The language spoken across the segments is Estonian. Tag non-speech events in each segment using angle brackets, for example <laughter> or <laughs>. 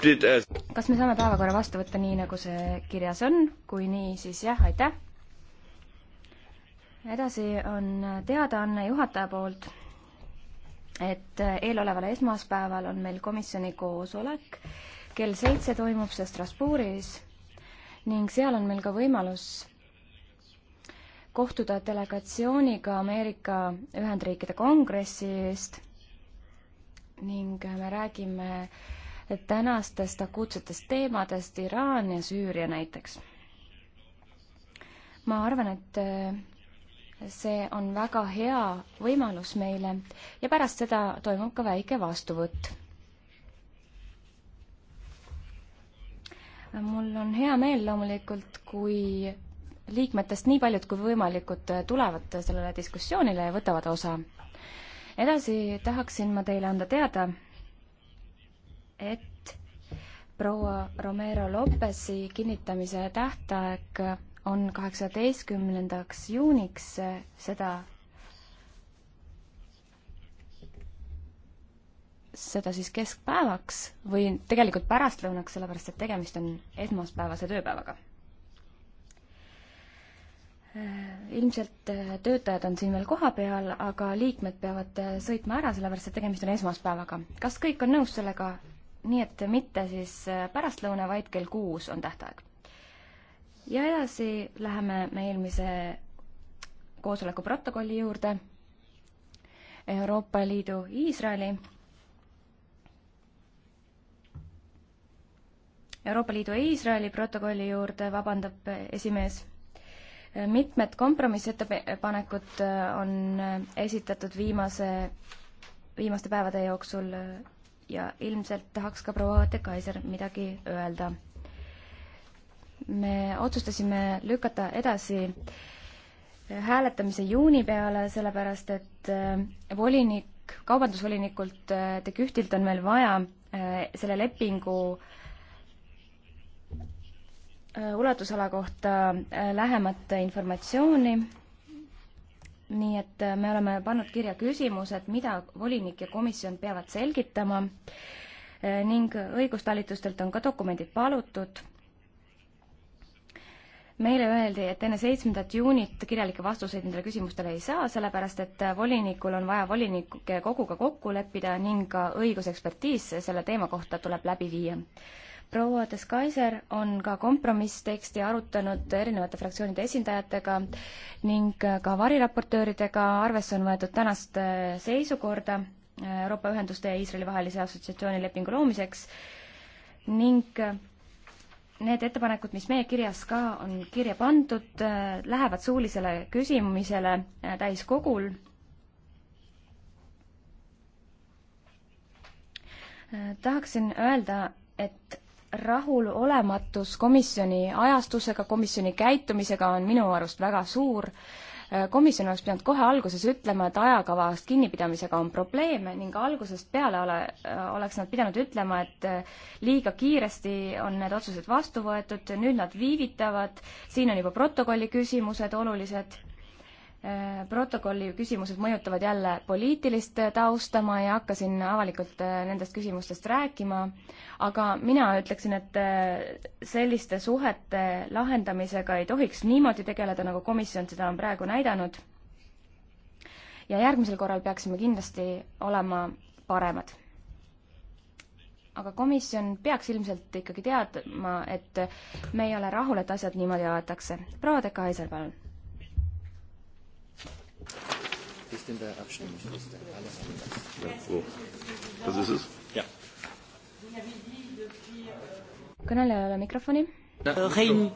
Uh, kas me saame päevakorra vastu võtta nii, nagu see kirjas on, kui nii, siis jah, aitäh. edasi on teadaanne juhataja poolt, et eeloleval esmaspäeval on meil komisjoni koosolek, kell seitse toimub see Strasbourgis ning seal on meil ka võimalus kohtuda delegatsiooniga Ameerika Ühendriikide Kongressist ning me räägime äh, tänastest akuutsetest teemadest, Iraan ja Süüria näiteks. ma arvan, et äh, see on väga hea võimalus meile ja pärast seda toimub ka väike vastuvõtt. mul on hea meel loomulikult, kui liikmetest nii paljud kui võimalikud tulevad sellele diskussioonile ja võtavad osa. edasi tahaksin ma teile anda teada, et proua Romero Lopesi kinnitamise tähtaeg on kaheksateistkümnendaks juuniks, seda, seda siis keskpäevaks või tegelikult pärastlõunaks, sellepärast et tegemist on esmaspäevase tööpäevaga ilmselt töötajad on siin veel kohapeal, aga liikmed peavad sõitma ära, sellepärast et tegemist on esmaspäevaga. kas kõik on nõus sellega, nii et mitte siis äh, pärastlõuna, vaid kell kuus on tähtaeg. ja edasi läheme me eelmise koosoleku protokolli juurde. Euroopa Liidu Iisraeli. Euroopa Liidu Iisraeli protokolli juurde vabandab äh, esimees äh, mitmed kompromissettepanekud on esitatud viimase, viimaste päevade jooksul ja ilmselt tahaks ka proua De Kaiser midagi öelda. me otsustasime lükata edasi hääletamise juuni peale, sellepärast et äh, volinik, kaubandusvolinikult äh, De Kühtilt on meil vaja äh, selle lepingu ulatusala kohta lähemat informatsiooni nii et äh, me oleme pannud kirja küsimused, mida volinik ja komisjon peavad selgitama äh, ning õigustalitustelt on ka dokumendid palutud meile öeldi, et enne seitsmendat juunit kirjalikke vastuseid nendele küsimustele ei saa, sellepärast et volinikul on vaja volinike koguga kokku leppida ning ka õigusekspertiis selle teema kohta tuleb läbi viia. proua Deskaiser on ka kompromissteksti arutanud erinevate fraktsioonide esindajatega ning ka variraportööridega, arvesse on võetud tänast äh, seisukorda äh, Euroopa Ühenduste ja Iisraeli vahelise assotsiatsioonilepingu loomiseks ning äh, need ettepanekud, mis meie kirjas ka on kirja pandud, äh, lähevad suulisele küsimusele äh, täiskogul. Äh, tahaksin öelda, et rahulolematus komisjoni ajastusega, komisjoni käitumisega on minu arust väga suur komisjon oleks pidanud kohe alguses ütlema, et ajakavast kinnipidamisega on probleeme ning algusest peale ole, oleks nad pidanud ütlema, et eh, liiga kiiresti on need otsused vastu võetud, nüüd nad viivitavad, siin on juba protokolli küsimused olulised Äh, protokolli küsimused mõjutavad jälle poliitilist tausta, ma ei hakka siin avalikult äh, nendest küsimustest rääkima, aga mina ütleksin, et äh, selliste suhete lahendamisega ei tohiks niimoodi tegeleda, nagu komisjon seda on praegu näidanud. ja järgmisel korral peaksime kindlasti olema paremad. aga komisjon peaks ilmselt ikkagi teadma, et me ei ole rahul, et asjad niimoodi aetakse. proua Deka Aisel, palun Ist in der Abstimmungsliste. Alles haben das. Ja, wo? Oh. Was ist es? Ja. kõnelejale mikrofoni. Äh, Rein.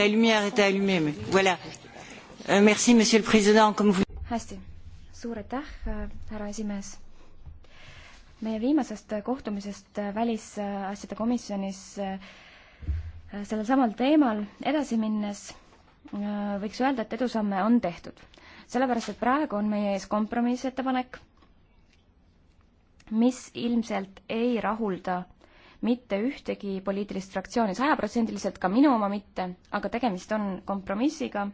La lumière est allumée, mais voilà. Euh, merci, Monsieur le Président, comme vous. hästi, suur aitäh, äh, härra esimees meie viimasest kohtumisest äh, välisasjade komisjonis sellel samal teemal edasi minnes äh, võiks öelda, et edusamme on tehtud. sellepärast, et praegu on meie ees kompromissettepanek, mis ilmselt ei rahulda mitte ühtegi poliitilist fraktsiooni sajaprotsendiliselt, ka minu oma mitte, aga tegemist on kompromissiga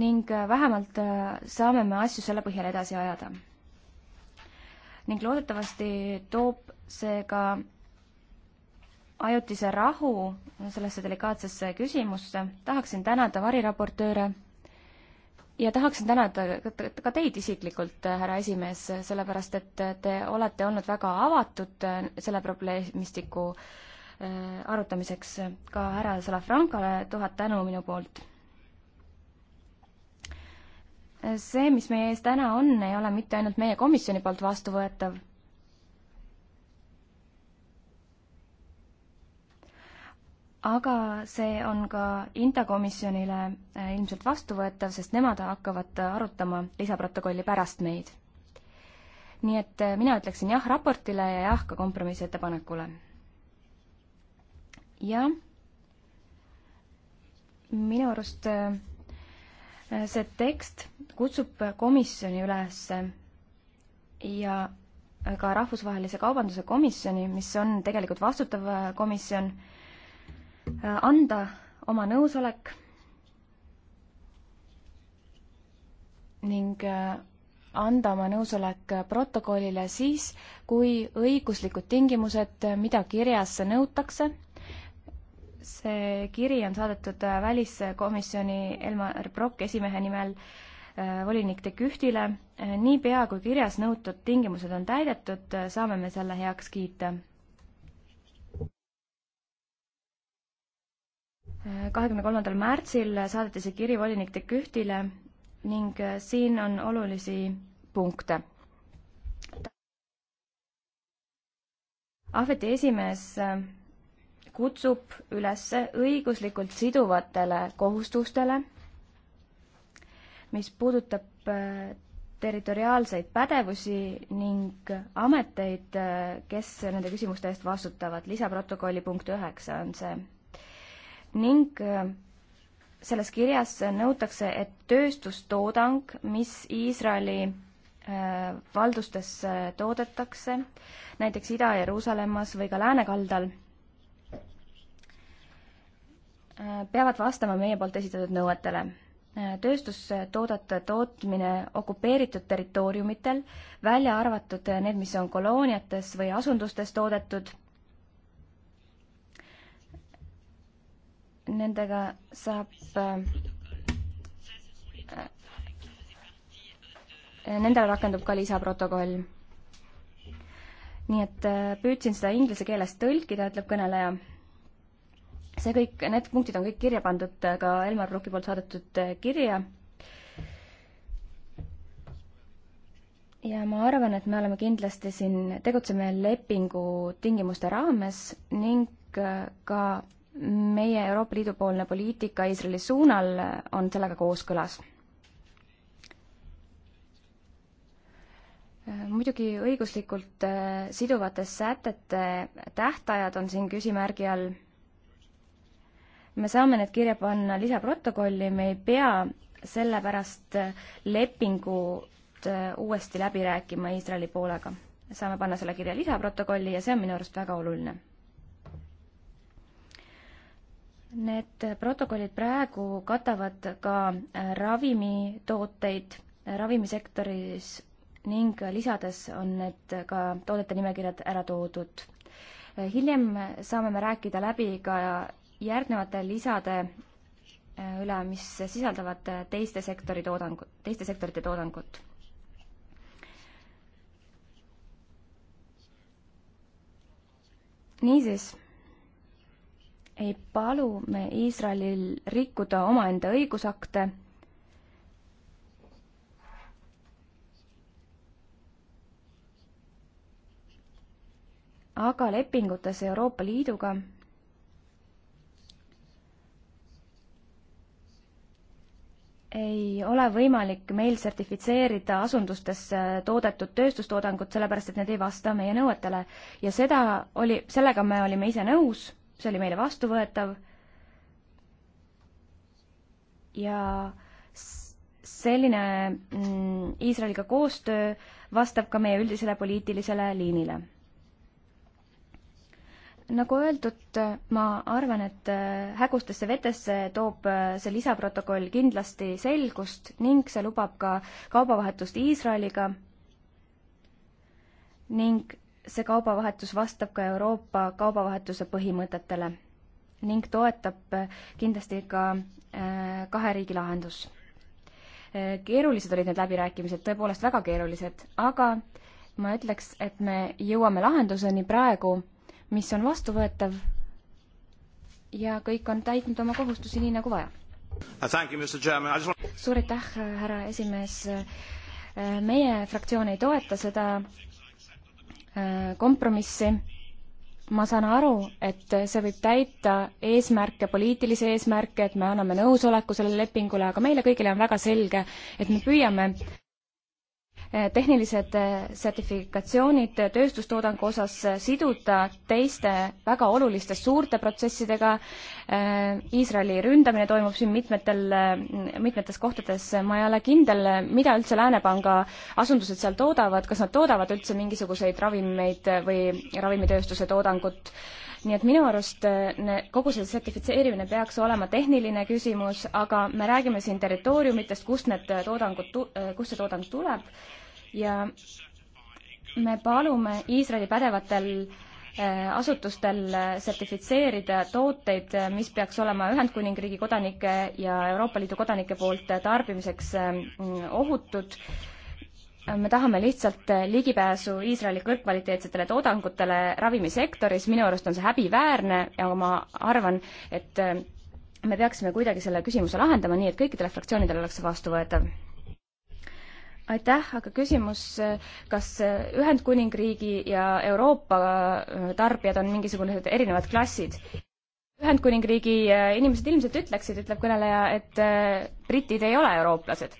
ning äh, vähemalt äh, saame me asju selle põhjal edasi ajada. ning loodetavasti toob see ka ajutise rahu sellesse delikaatsesse küsimusse, tahaksin tänada variraportööre ja tahaksin tänada ka teid isiklikult, härra esimees, sellepärast et te olete olnud väga avatud selle probleemistiku äh, arutamiseks. ka härra Salafrankale tuhat tänu minu poolt. see, mis meie ees täna on, ei ole mitte ainult meie komisjoni poolt vastuvõetav, aga see on ka INTA komisjonile äh, ilmselt vastuvõetav, sest nemad hakkavad äh, arutama lisaprotokolli pärast meid. nii et äh, mina ütleksin jah raportile ja jah ka kompromissettepanekule. ja minu arust see tekst kutsub komisjoni üles ja ka Rahvusvahelise Kaubanduse Komisjoni, mis on tegelikult vastutav komisjon, Äh, anda oma nõusolek ning äh, anda oma nõusolek protokollile siis, kui õiguslikud tingimused, äh, mida kirjas nõutakse, see kiri on saadetud väliskomisjoni Elmar Brokk esimehe nimel volinik De Kühtile. niipea, kui kirjas nõutud tingimused on täidetud, saame me selle heaks kiita kahekümne kolmandal märtsil saadeti see kiri volinik de Kühtile ning äh, siin on olulisi punkte. ahveti esimees äh, kutsub üles õiguslikult siduvatele kohustustele, mis puudutab äh, territoriaalseid pädevusi ning ameteid, kes nende küsimuste eest vastutavad. lisaprotokolli punkt üheksa on see ning äh, selles kirjas nõutakse, et tööstustoodang, mis Iisraeli äh, valdustes äh, toodetakse, näiteks Ida-Jeruusalemmas või ka läänekaldal, peavad vastama meie poolt esitatud nõuetele. tööstustoodete tootmine okupeeritud territooriumitel, välja arvatud need, mis on kolooniates või asundustes toodetud nendega saab äh, äh, Nendele rakendub ka lisaprotokoll. nii et äh, püüdsin seda inglise keeles tõlkida, ütleb kõneleja. see kõik, need punktid on kõik kirja pandud ka Elmar Brocki poolt saadetud kirja. ja ma arvan, et me oleme kindlasti siin, tegutseme lepingu tingimuste raames ning ka meie Euroopa Liidu poolne poliitika Iisraeli suunal on sellega kooskõlas. muidugi õiguslikult äh, siduvate sätete tähtajad on siin küsimärgi all. me saame need kirja panna lisaprotokolli, me ei pea sellepärast äh, lepingut äh, uuesti läbi rääkima Iisraeli poolega. saame panna selle kirja lisaprotokolli ja see on minu arust väga oluline Need protokollid praegu katavad ka äh, ravimitooteid äh, ravimisektoris ning lisades on need ka toodete nimekirjad ära toodud. Äh, hiljem saame me rääkida läbi ka järgnevate lisade üle, mis sisaldavad teiste sektori toodangut, teiste sektorite toodangut niisiis ei palu me Iisraelil rikkuda omaenda õigusakte. aga lepingutes Euroopa Liiduga ei ole võimalik meil sertifitseerida asundustes toodetud tööstustoodangut, sellepärast et need ei vasta meie nõuetele. ja seda oli, sellega me olime ise nõus see oli meile vastuvõetav ja selline mm, Iisraeliga koostöö vastab ka meie üldisele poliitilisele liinile. nagu öeldud, ma arvan, et äh, hägustesse vetesse toob äh, see lisaprotokoll kindlasti selgust ning see lubab ka kaubavahetust Iisraeliga ning see kaubavahetus vastab ka Euroopa kaubavahetuse põhimõtetele ning toetab kindlasti ka äh, kahe riigi lahendus. Äh, keerulised olid need läbirääkimised, tõepoolest väga keerulised, aga ma ütleks, et me jõuame lahenduseni praegu, mis on vastuvõetav ja kõik on täitnud oma kohustusi nii, nagu vaja. Uh, suur aitäh, härra esimees äh, meie fraktsioon ei toeta seda Äh, kompromissi. ma saan aru, et see võib täita eesmärke, poliitilisi eesmärke, et me anname nõusoleku sellele lepingule, aga meile kõigile on väga selge, et me püüame Eh, tehnilised eh, sertifikatsioonid tööstustoodangu osas eh, siduda teiste väga oluliste suurte protsessidega. Iisraeli ründamine toimub siin mitmetel, mitmetes kohtades, ma ei ole kindel, mida üldse Läänepanga asundused seal toodavad, kas nad toodavad üldse mingisuguseid ravimeid või ravimitööstuse toodangut nii et minu arust äh, ne, kogu see sertifitseerimine peaks olema tehniline küsimus, aga me räägime siin territooriumitest, kust need äh, toodangud, äh, kust see toodang tuleb ja me palume Iisraeli pädevatel asutustel sertifitseerida tooteid, mis peaks olema Ühendkuningriigi kodanike ja Euroopa Liidu kodanike poolt tarbimiseks mm, ohutud Äh, me tahame lihtsalt äh, ligipääsu Iisraeli kõrgkvaliteetsetele toodangutele ravimisektoris, minu arust on see häbiväärne ja ma arvan, et äh, me peaksime kuidagi selle küsimuse lahendama nii, et kõikidele fraktsioonidele oleks see vastuvõetav. aitäh, aga küsimus, kas Ühendkuningriigi ja Euroopa tarbijad on mingisugused erinevad klassid? Ühendkuningriigi inimesed ilmselt ütleksid, ütleb kõneleja, et britid ei ole eurooplased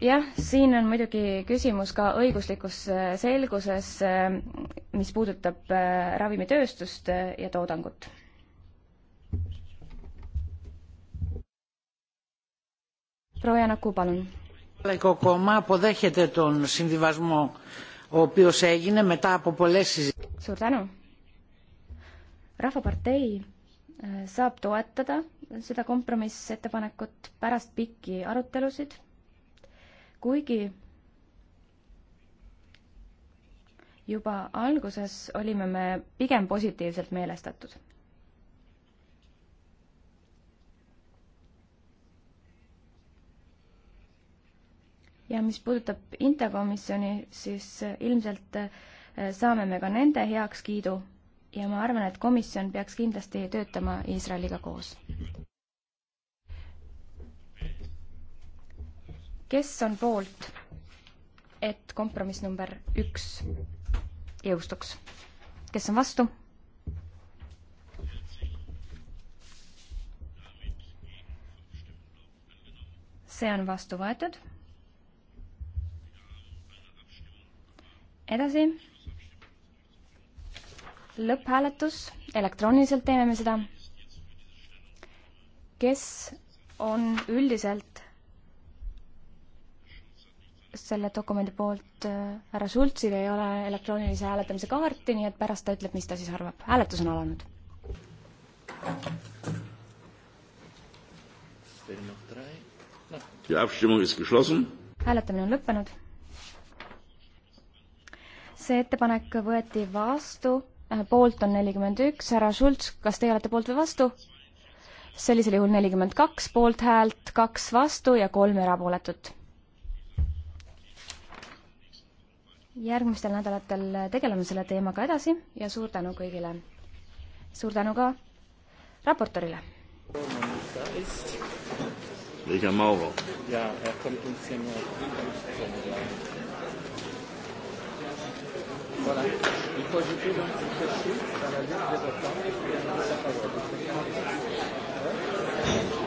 jah, siin on muidugi küsimus ka õiguslikus äh, selguses, äh, mis puudutab äh, ravimitööstust ja toodangut. proua Janaku, palun. suur tänu. rahvapartei saab toetada seda kompromissettepanekut pärast pikki arutelusid kuigi juba alguses olime me pigem positiivselt meelestatud ja mis puudutab interkomisjoni, siis ilmselt äh, saame me ka nende heakskiidu ja ma arvan, et komisjon peaks kindlasti töötama Iisraeliga koos. kes on poolt, et kompromiss number üks jõustuks? kes on vastu? see on vastu võetud. edasi. lõpphääletus, elektrooniliselt teeme me seda. kes on üldiselt selle dokumendi poolt äh, härra Schultzil ei ole elektroonilise hääletamise kaarti, nii et pärast ta ütleb, mis ta siis arvab. hääletus on alanud. hääletamine on lõppenud. see ettepanek võeti vastu, äh, poolt on nelikümmend üks, härra Schultz, kas teie olete poolt või vastu? sellisel juhul nelikümmend kaks poolthäält, kaks vastu ja kolm erapooletut järgmistel nädalatel tegeleme selle teemaga edasi ja suur tänu kõigile. suur tänu ka raportorile. Liga Mauro. Ja, er kommt uns ja nur. Voilà. Il faut ajouter donc ce cachet à la liste des votants et on donne la parole.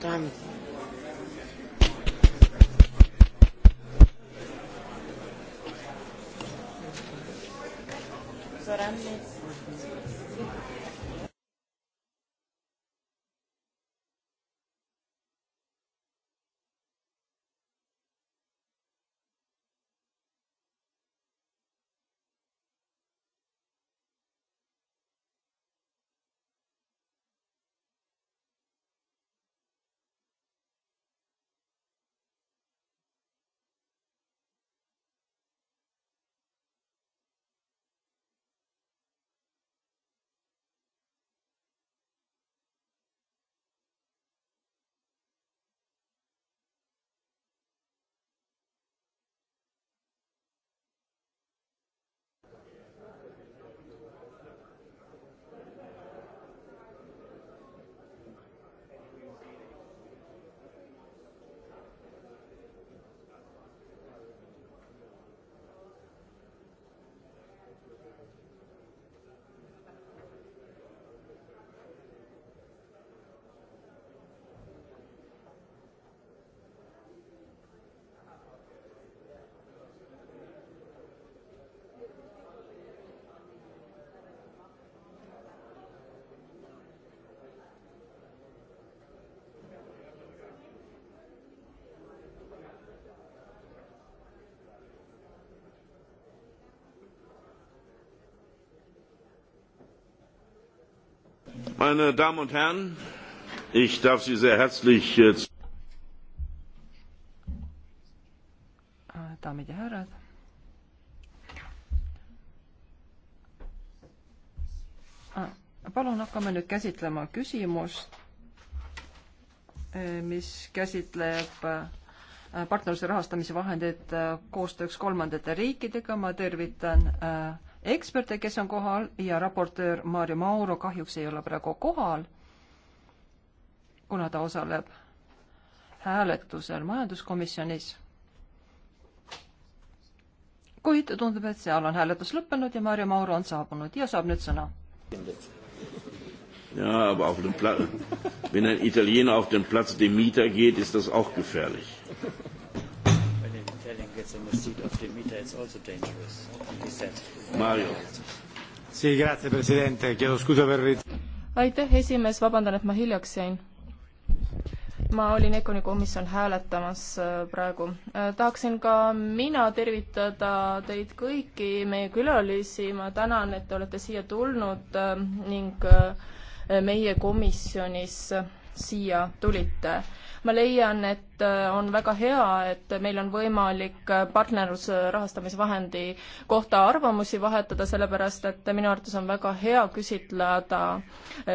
Damn. Zoran Mesić. Meine Damen und Herren, ich darf Sie sehr herzlich. Äh, Daamid ja härrad. palun hakkame nüüd käsitlema küsimust, äh, mis käsitleb äh, partnerluse rahastamise vahendeid koostööks kolmandate riikidega. ma tervitan äh, eksperte, kes on kohal ja raportöör Maarja Mauro kahjuks ei ole praegu kohal, kuna ta osaleb hääletusel majanduskomisjonis. kuid tundub, et seal on hääletus lõppenud ja Maarja Mauro on saabunud ja saab nüüd sõna. Ja, aber auf den Platz, <laughs> wenn ein Italiener auf den Platz dem Mieter geht, ist das auch gefährlich pockets and the seat of Demeter, it's also dangerous, he said. Mario. Sì, grazie Presidente, chiedo scusa per... aitäh, esimees, vabandan, et ma hiljaks jäin. ma olin Econi komisjon hääletamas äh, praegu. Äh, tahaksin ka mina tervitada teid kõiki, meie külalisi, ma tänan, et te olete siia tulnud äh, ning meie komisjonis siia tulite ma leian, et äh, on väga hea, et meil on võimalik äh, partnerluse äh, rahastamisvahendi kohta arvamusi vahetada, sellepärast et minu arvates on väga hea küsitleda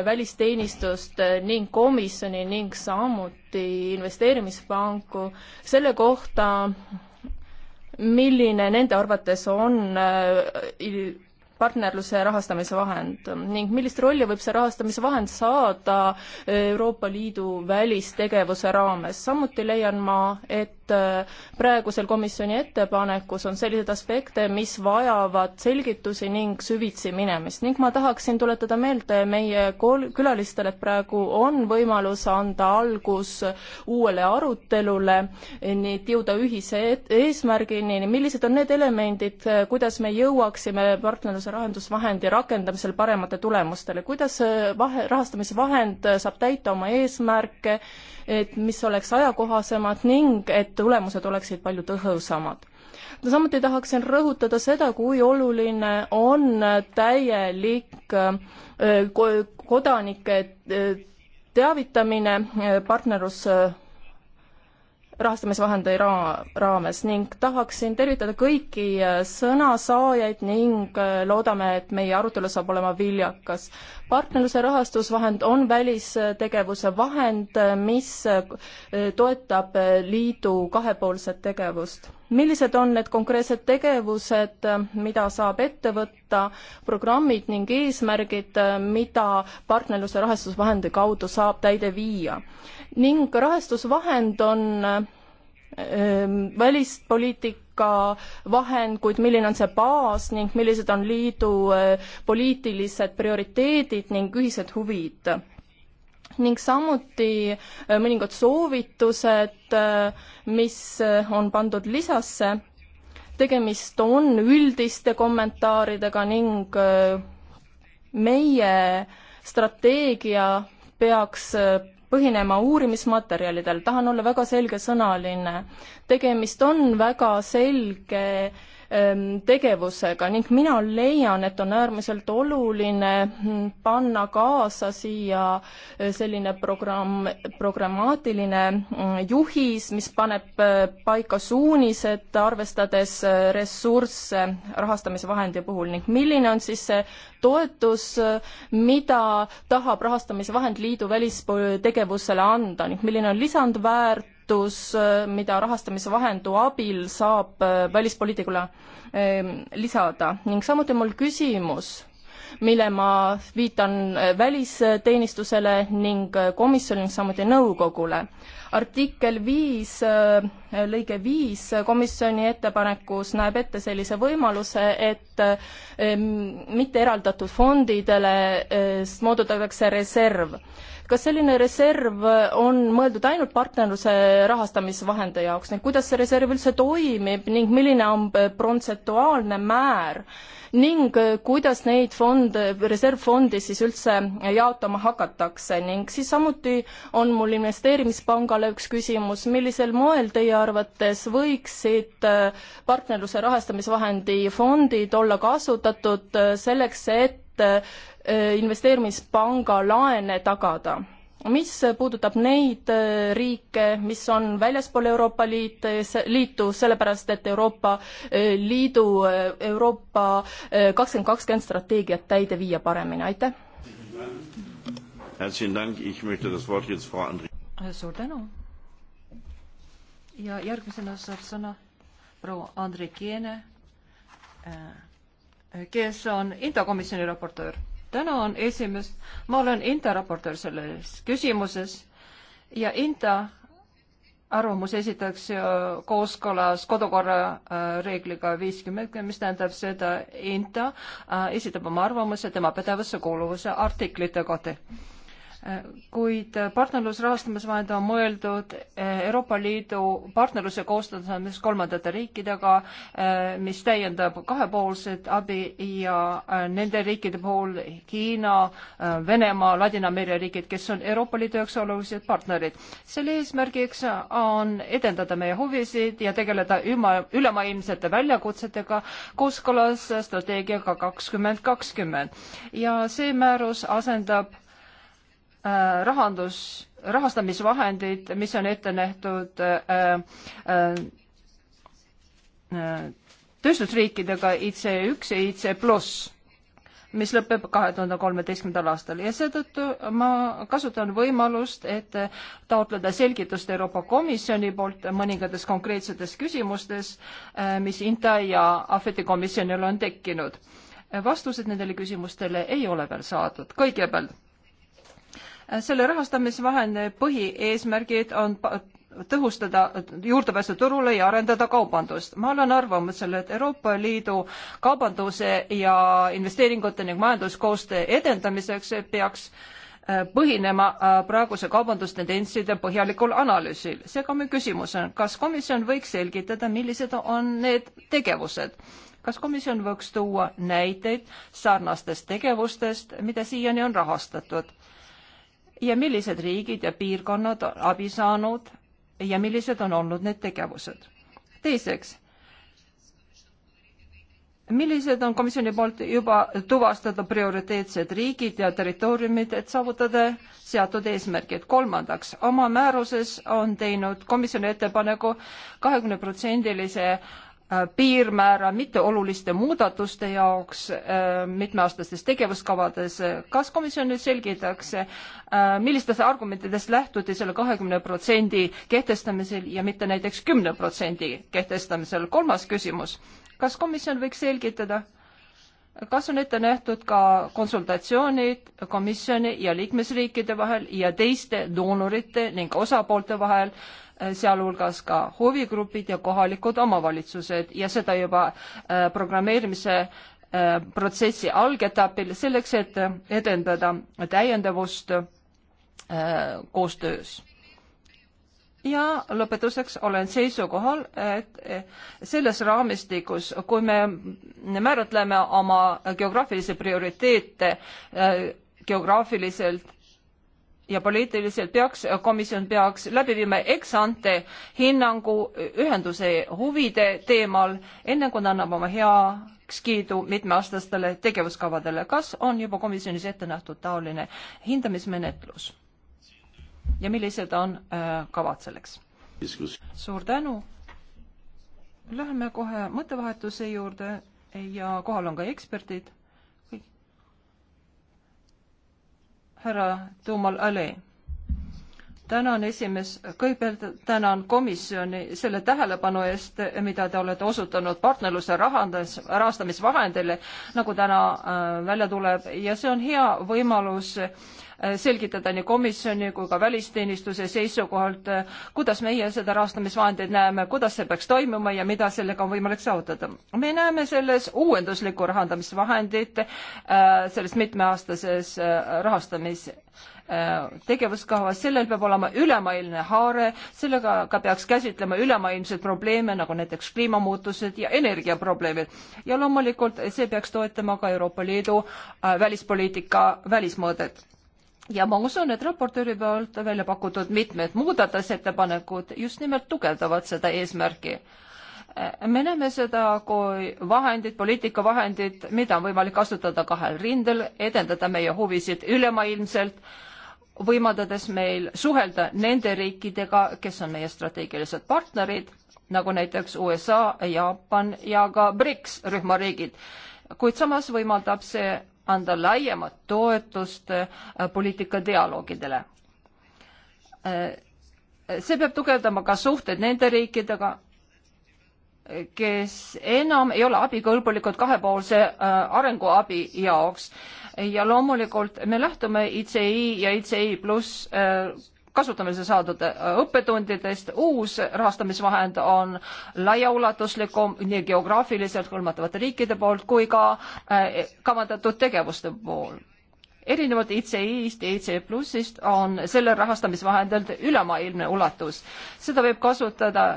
välisteenistust ning komisjoni ning samuti investeerimispanku selle kohta, milline nende arvates on partnerluse rahastamise vahend ning millist rolli võib see rahastamise vahend saada Euroopa Liidu välistegevuse raames. samuti leian ma, et et äh, praegusel komisjoni ettepanekus on selliseid aspekte, mis vajavad selgitusi ning süvitsi minemist ning ma tahaksin tuletada meelde meie kol-, külalistele, et praegu on võimalus anda algus uuele arutelule, nii et jõuda ühise eesmärgini, millised on need elemendid, äh, kuidas me jõuaksime partnerluse rahandusvahendi rakendamisel paremate tulemustele, kuidas äh, vahe, rahastamisvahend saab täita oma eesmärke, et mis oleks ajakohasemad ning et tulemused oleksid palju tõhusamad. no samuti tahaksin rõhutada seda, kui oluline on täielik äh, kodanike äh, teavitamine äh, partnerlus rahastamisvahendi ra-, raames ning tahaksin tervitada kõiki äh, sõnasaajaid ning äh, loodame, et meie arutelu saab olema viljakas. partnerluse rahastusvahend on välistegevuse vahend, äh, mis toetab liidu kahepoolset tegevust millised on need konkreetsed tegevused, mida saab ette võtta, programmid ning eesmärgid, mida partnerluse rahastusvahendi kaudu saab täide viia? ning rahastusvahend on ähm, välispoliitika vahend, kuid milline on see baas ning millised on liidu äh, poliitilised prioriteedid ning ühised huvid. ning samuti äh, mõningad soovitused, äh, mis on pandud lisasse. tegemist on üldiste kommentaaridega ning meie strateegia peaks põhinema uurimismaterjalidel, tahan olla väga selgesõnaline. tegemist on väga selge Ähm, tegevusega ning mina leian, et on äärmiselt oluline mm, panna kaasa siia äh, selline programm, programmaatiline mm, juhis, mis paneb äh, paika suunised, arvestades äh, ressursse rahastamisvahendi puhul ning milline on siis see toetus, mida tahab rahastamisvahend liidu välistegevusele anda ning milline on lisandväärt, väärtus, mida rahastamisvahendu abil saab äh, välispoliitikule ähm, lisada ning samuti on mul küsimus, mille ma viitan äh, välisteenistusele ning äh, komisjonile, samuti nõukogule artikkel viis, äh, lõige viis komisjoni ettepanekus näeb ette sellise võimaluse, et ähm, mitte eraldatud fondidele äh, moodustatakse reserv. kas selline reserv on mõeldud ainult partnerluse rahastamisvahendi jaoks ning kuidas see reserv üldse toimib ning milline on protsentuaalne määr? ning äh, kuidas neid fonde, reservfondi siis üldse jaotama hakatakse ning siis samuti on mul investeerimispangale üks küsimus, millisel moel teie arvates võiksid äh, partnerluse rahastamisvahendi fondid olla kasutatud äh, selleks, et investeerimispanga laene tagada? mis puudutab neid äh, riike, mis on väljaspool Euroopa Liit, äh, liitu, sellepärast et Euroopa äh, Liidu, Euroopa kakskümmend kakskümmend strateegiat täide viia paremini, aitäh! suur tänu! ja järgmisena saab sõna proua Andrei Kiene, kes on Inta komisjoni raportöör tänan, esimees. ma olen Inta raportöör selles küsimuses ja Inta arvamus esitatakse kooskõlas kodukorra äh, reegliga viiskümmend, mis tähendab seda, Inta äh, esitab oma arvamuse tema pädevusse kuuluvuse artiklite kohta kuid partnerlusrahastamisvahend on mõeldud eh, Euroopa Liidu partnerluse koostamiseks kolmandate riikidega, eh, mis täiendab kahepoolset abi ja eh, nende riikide puhul Hiina, Venemaa, Ladina-Ameerika riigid, kes on Euroopa Liidu jaoks olulised partnerid. selle eesmärgiks on edendada meie huvisid ja tegeleda üma, ülemaailmsete väljakutsetega kooskõlas strateegiaga kakskümmend kakskümmend ja see määrus asendab Äh, rahandus, rahastamisvahendid, mis on ette nähtud äh, äh, tööstusriikidega IC1 ja IC pluss mis lõpeb kahe tuhande kolmeteistkümnendal aastal ja seetõttu ma kasutan võimalust, et taotleda selgitust Euroopa Komisjoni poolt mõningates konkreetsetes küsimustes, mis INTA ja AFETi komisjonil on tekkinud. vastused nendele küsimustele ei ole veel saadud. kõigepealt selle rahastamisvahendi põhieesmärgid on tõhustada juurdepääsu turule ja arendada kaubandust. ma olen arvamusel, et Euroopa Liidu kaubanduse ja investeeringute ning majanduskoostöö edendamiseks peaks äh, põhinema äh, praeguse kaubandustendentside põhjalikul analüüsil. seega mu küsimus on, kas komisjon võiks selgitada, millised on need tegevused? kas komisjon võiks tuua näiteid sarnastest tegevustest, mida siiani on rahastatud? ja millised riigid ja piirkonnad on abi saanud ja millised on olnud need tegevused. teiseks, millised on komisjoni poolt juba tuvastatud prioriteetsed riigid ja territooriumid, et saavutada seatud eesmärgid. kolmandaks, oma määruses on teinud komisjoni ettepaneku kahekümneprotsendilise Äh, piirmäära mitteoluliste muudatuste jaoks äh, mitmeaastastes tegevuskavades. kas komisjon nüüd selgitaks, äh, millistest argumentidest lähtuti selle kahekümne protsendi kehtestamisel ja mitte näiteks kümne protsendi kehtestamisel? kolmas küsimus, kas komisjon võiks selgitada, kas on ette nähtud ka konsultatsioonid komisjoni ja liikmesriikide vahel ja teiste doonorite ning osapoolte vahel, sealhulgas ka huvigrupid ja kohalikud omavalitsused ja seda juba äh, programmeerimise äh, protsessi algetapil selleks, et edendada täiendavust äh, koostöös. ja lõpetuseks olen seisukohal, et selles raamistikus, kui me määratleme oma geograafilisi prioriteete geograafiliselt ja poliitiliselt peaks, komisjon peaks läbi viima ex-ante hinnangu ühenduse huvide teemal, enne kui ta annab oma heakskiidu mitmeaastastele tegevuskavadele. kas on juba komisjonis ette nähtud taoline hindamismenetlus? ja millised on äh, kavad selleks? suur tänu. Läheme kohe mõttevahetuse juurde ja kohal on ka eksperdid härra Tuumal Ali tänan, esimees, kõigepealt tänan komisjoni selle tähelepanu eest, mida te olete osutanud partnerluse rahandus, rahastamisvahendile, nagu täna äh, välja tuleb ja see on hea võimalus äh, selgitada nii komisjoni kui ka välisteenistuse seisukohalt äh,, kuidas meie seda rahastamisvahendeid näeme, kuidas see peaks toimuma ja mida sellega on võimalik saavutada. me näeme selles uuenduslikku rahandamisvahendit, äh, selles mitmeaastases äh, rahastamis Äh, tegevuskavas, sellel peab olema ülemaailmne haare, sellega ka peaks käsitlema ülemaailmseid probleeme, nagu näiteks kliimamuutused ja energiaprobleemid. ja loomulikult see peaks toetama ka Euroopa Liidu äh, välispoliitika välismõõdet ja ma usun, et raportööri poolt välja pakutud mitmed muudatusettepanekud just nimelt tugevdavad seda eesmärki äh, me näeme seda kui vahendit, poliitikavahendit, mida on võimalik kasutada kahel rindel, edendada meie huvisid ülemaailmselt võimaldades meil suhelda nende riikidega, kes on meie strateegilised partnerid, nagu näiteks USA, Jaapan ja ka BRICS rühma riigid. kuid samas võimaldab see anda laiemat toetust äh, poliitikadialoogidele. Äh, see peab tugevdama ka suhted nende riikidega, kes enam ei ole abikõlbulikud kahepoolse äh, arenguabi jaoks ja loomulikult me lähtume ICI ja ICI pluss äh, kasutamisel saadud äh, õppetundidest. uus rahastamisvahend on laiaulatuslikum nii geograafiliselt hõlmatavate riikide poolt kui ka äh, kavandatud tegevuste pool erinevalt ICI-st ja ICI plussist on sellel rahastamisvahendil ülemaailmne ulatus. seda võib kasutada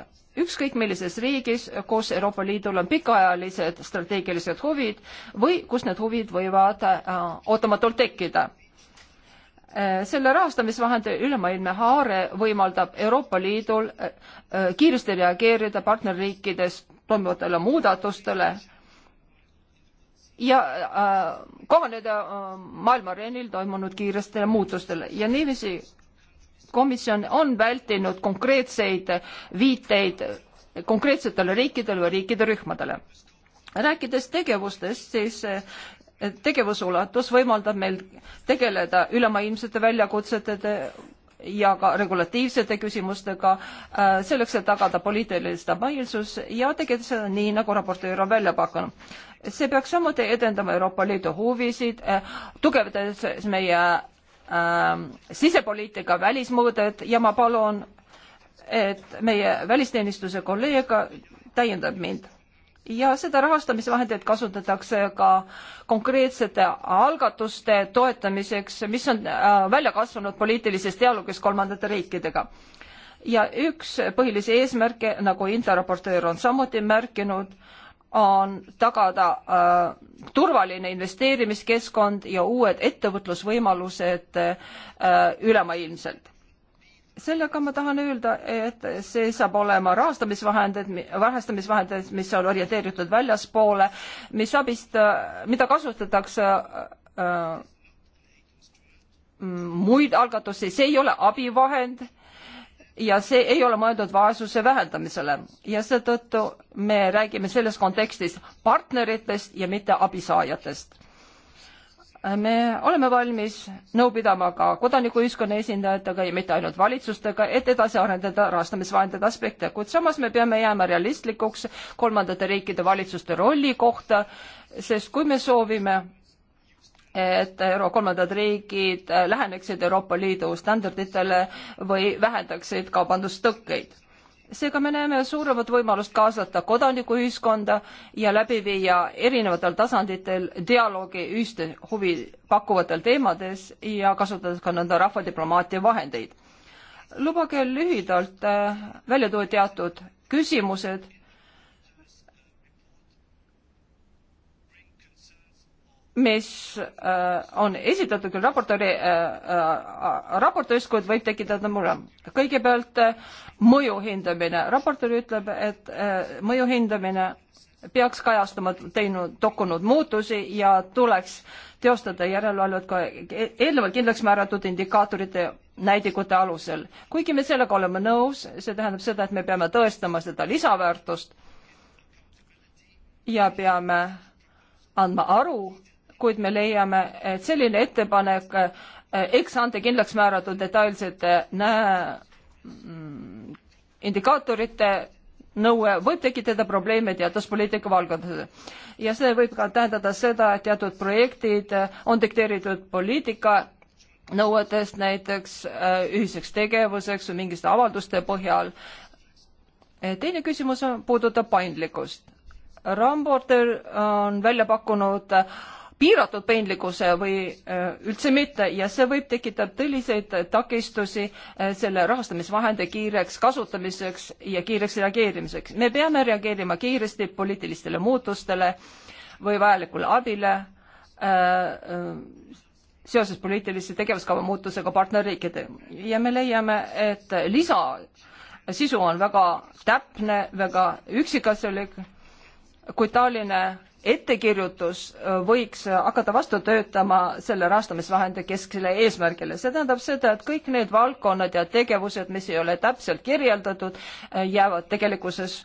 ükskõik millises riigis, kus Euroopa Liidul on pikaajalised strateegilised huvid või kus need huvid võivad äh, ootamatult tekkida äh, selle rahastamisvahendi ülemaailmne haare võimaldab Euroopa Liidul äh, kiiresti reageerida partnerriikides toimuvatele muudatustele ja kohaneda maailma areenil toimunud kiirestele muutustele ja niiviisi komisjon on vältinud konkreetseid viiteid konkreetsetele riikidele või riikide rühmadele. rääkides tegevustest, siis eh, tegevusulatus võimaldab meil tegeleda ülemaailmsete väljakutsetega ja ka regulatiivsete küsimustega eh, selleks, et tagada poliitiline stabiilsus ja tegelikult seda nii, nagu raportöör on välja pakkunud. see peaks samuti edendama Euroopa Liidu huvisid, eh, tugevdades meie äh, sisepoliitika välismõõdet ja ma palun, et meie välisteenistuse kolleeg täiendab mind ja seda rahastamisvahendit kasutatakse ka konkreetsete algatuste toetamiseks, mis on äh, välja kasvanud poliitilises dialoogis kolmandate riikidega. ja üks põhilisi eesmärke, nagu Inta raportöör on samuti märkinud, on tagada äh, turvaline investeerimiskeskkond ja uued ettevõtlusvõimalused äh, ülemaailmselt. sellega ma tahan öelda, et see saab olema rahastamisvahendid, rahastamisvahendid, mis on orienteeritud väljaspoole, mis abist äh,, mida kasutatakse äh, äh, muid algatusi, see ei ole abivahend ja see ei ole mõeldud vaesuse vähendamisele ja seetõttu me räägime selles kontekstis partneritest ja mitte abisaajatest. me oleme valmis nõu pidama ka kodanikuühiskonna esindajatega ja mitte ainult valitsustega, et edasi arendada rahastamisvahendite aspekte, kuid samas me peame jääma realistlikuks kolmandate riikide valitsuste rolli kohta, sest kui me soovime et euro kolmandad riigid äh, läheneksid Euroopa Liidu standarditele või vähendaksid kaubandustõkkeid. seega me näeme suuremat võimalust kaasata kodanikuühiskonda ja läbi viia erinevatel tasanditel dialoogi ühiste huvi pakkuvatel teemades ja kasutades ka nõnda rahvadiplomaatia vahendeid. lubage lühidalt äh, välja tuua teatud küsimused mis äh, on esitatud küll raportööri äh, äh, raportöös, kuid võib tekitada mure. kõigepealt äh, mõju hindamine. raportöör ütleb, et äh, mõju hindamine peaks kajastama teinud, tokkunud muutusi ja tuleks teostada järelevalvet ka e-, eelnevalt kindlaks määratud indikaatorite näidikute alusel. kuigi me sellega oleme nõus, see tähendab seda, et me peame tõestama seda lisaväärtust ja peame andma aru kuid me leiame, et selline ettepanek eh, eks ante kindlaks määratud detailsete mm, indikaatorite nõue võib tekitada probleeme teaduspoliitika valdkondades. ja see võib ka tähendada seda, et teatud projektid eh, on dikteeritud poliitika nõuetest näiteks eh, ühiseks tegevuseks või mingite avalduste põhjal. teine küsimus on, puudutab paindlikkust. raportöör on välja pakkunud äh, piiratud peenlikkuse või äh, üldse mitte ja see võib tekitada tõeliseid takistusi äh, selle rahastamisvahendi kiireks kasutamiseks ja kiireks reageerimiseks. me peame reageerima kiiresti poliitilistele muutustele või vajalikule abile äh, seoses poliitilise tegevuskava muutusega partnerriikidel ja me leiame, et lisa sisu on väga täpne, väga üksikasjalik, kui taoline ettekirjutus äh, võiks äh, hakata vastu töötama selle rahastamisvahendi kesksele eesmärgile. see tähendab seda, et kõik need valdkonnad ja tegevused, mis ei ole täpselt kirjeldatud, äh, jäävad tegelikkuses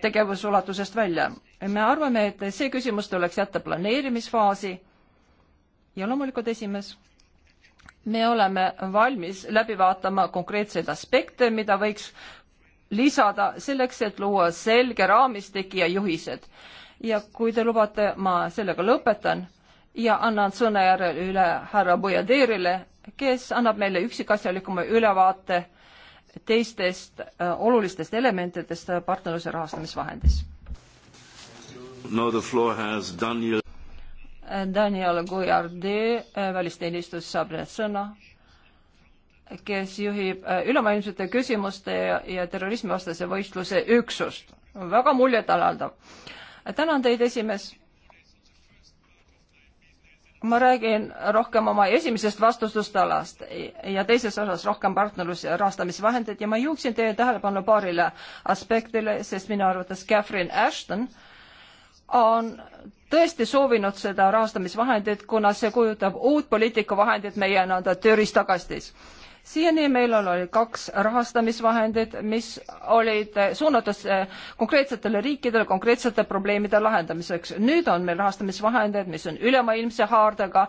tegevusulatusest välja. me arvame, et see küsimus tuleks jätta planeerimisfaasi ja loomulikult esimees me oleme valmis läbi vaatama konkreetseid aspekte, mida võiks lisada selleks, et luua selge raamistik ja juhised ja kui te lubate, ma sellega lõpetan ja annan sõnajärel üle härra Bojadeerile, kes annab meile üksikasjalikuma ülevaate teistest äh, olulistest elementidest partnerluse rahastamisvahendis. no the floor has Daniel. Daniel Gujardi äh, välisteenistus saab nüüd sõna, kes juhib äh, ülemaailmsete küsimuste ja, ja terrorismivastase võistluse üksust. väga muljetavaldav äh, tänan teid, esimees. ma räägin rohkem oma esimesest vastustustalast ja teises osas rohkem partnerlus- ja rahastamisvahendeid ja ma juhiksin teie tähelepanu paarile aspektile, sest minu arvates Catherine Ashton on tõesti soovinud seda rahastamisvahendit, kuna see kujutab uut poliitikavahendit meie nii-öelda tööriistakastis siiani meil on, oli kaks rahastamisvahendit, mis olid suunatud eh, konkreetsetele riikidele konkreetsete probleemide lahendamiseks. nüüd on meil rahastamisvahendid, mis on ülemaailmse haardega,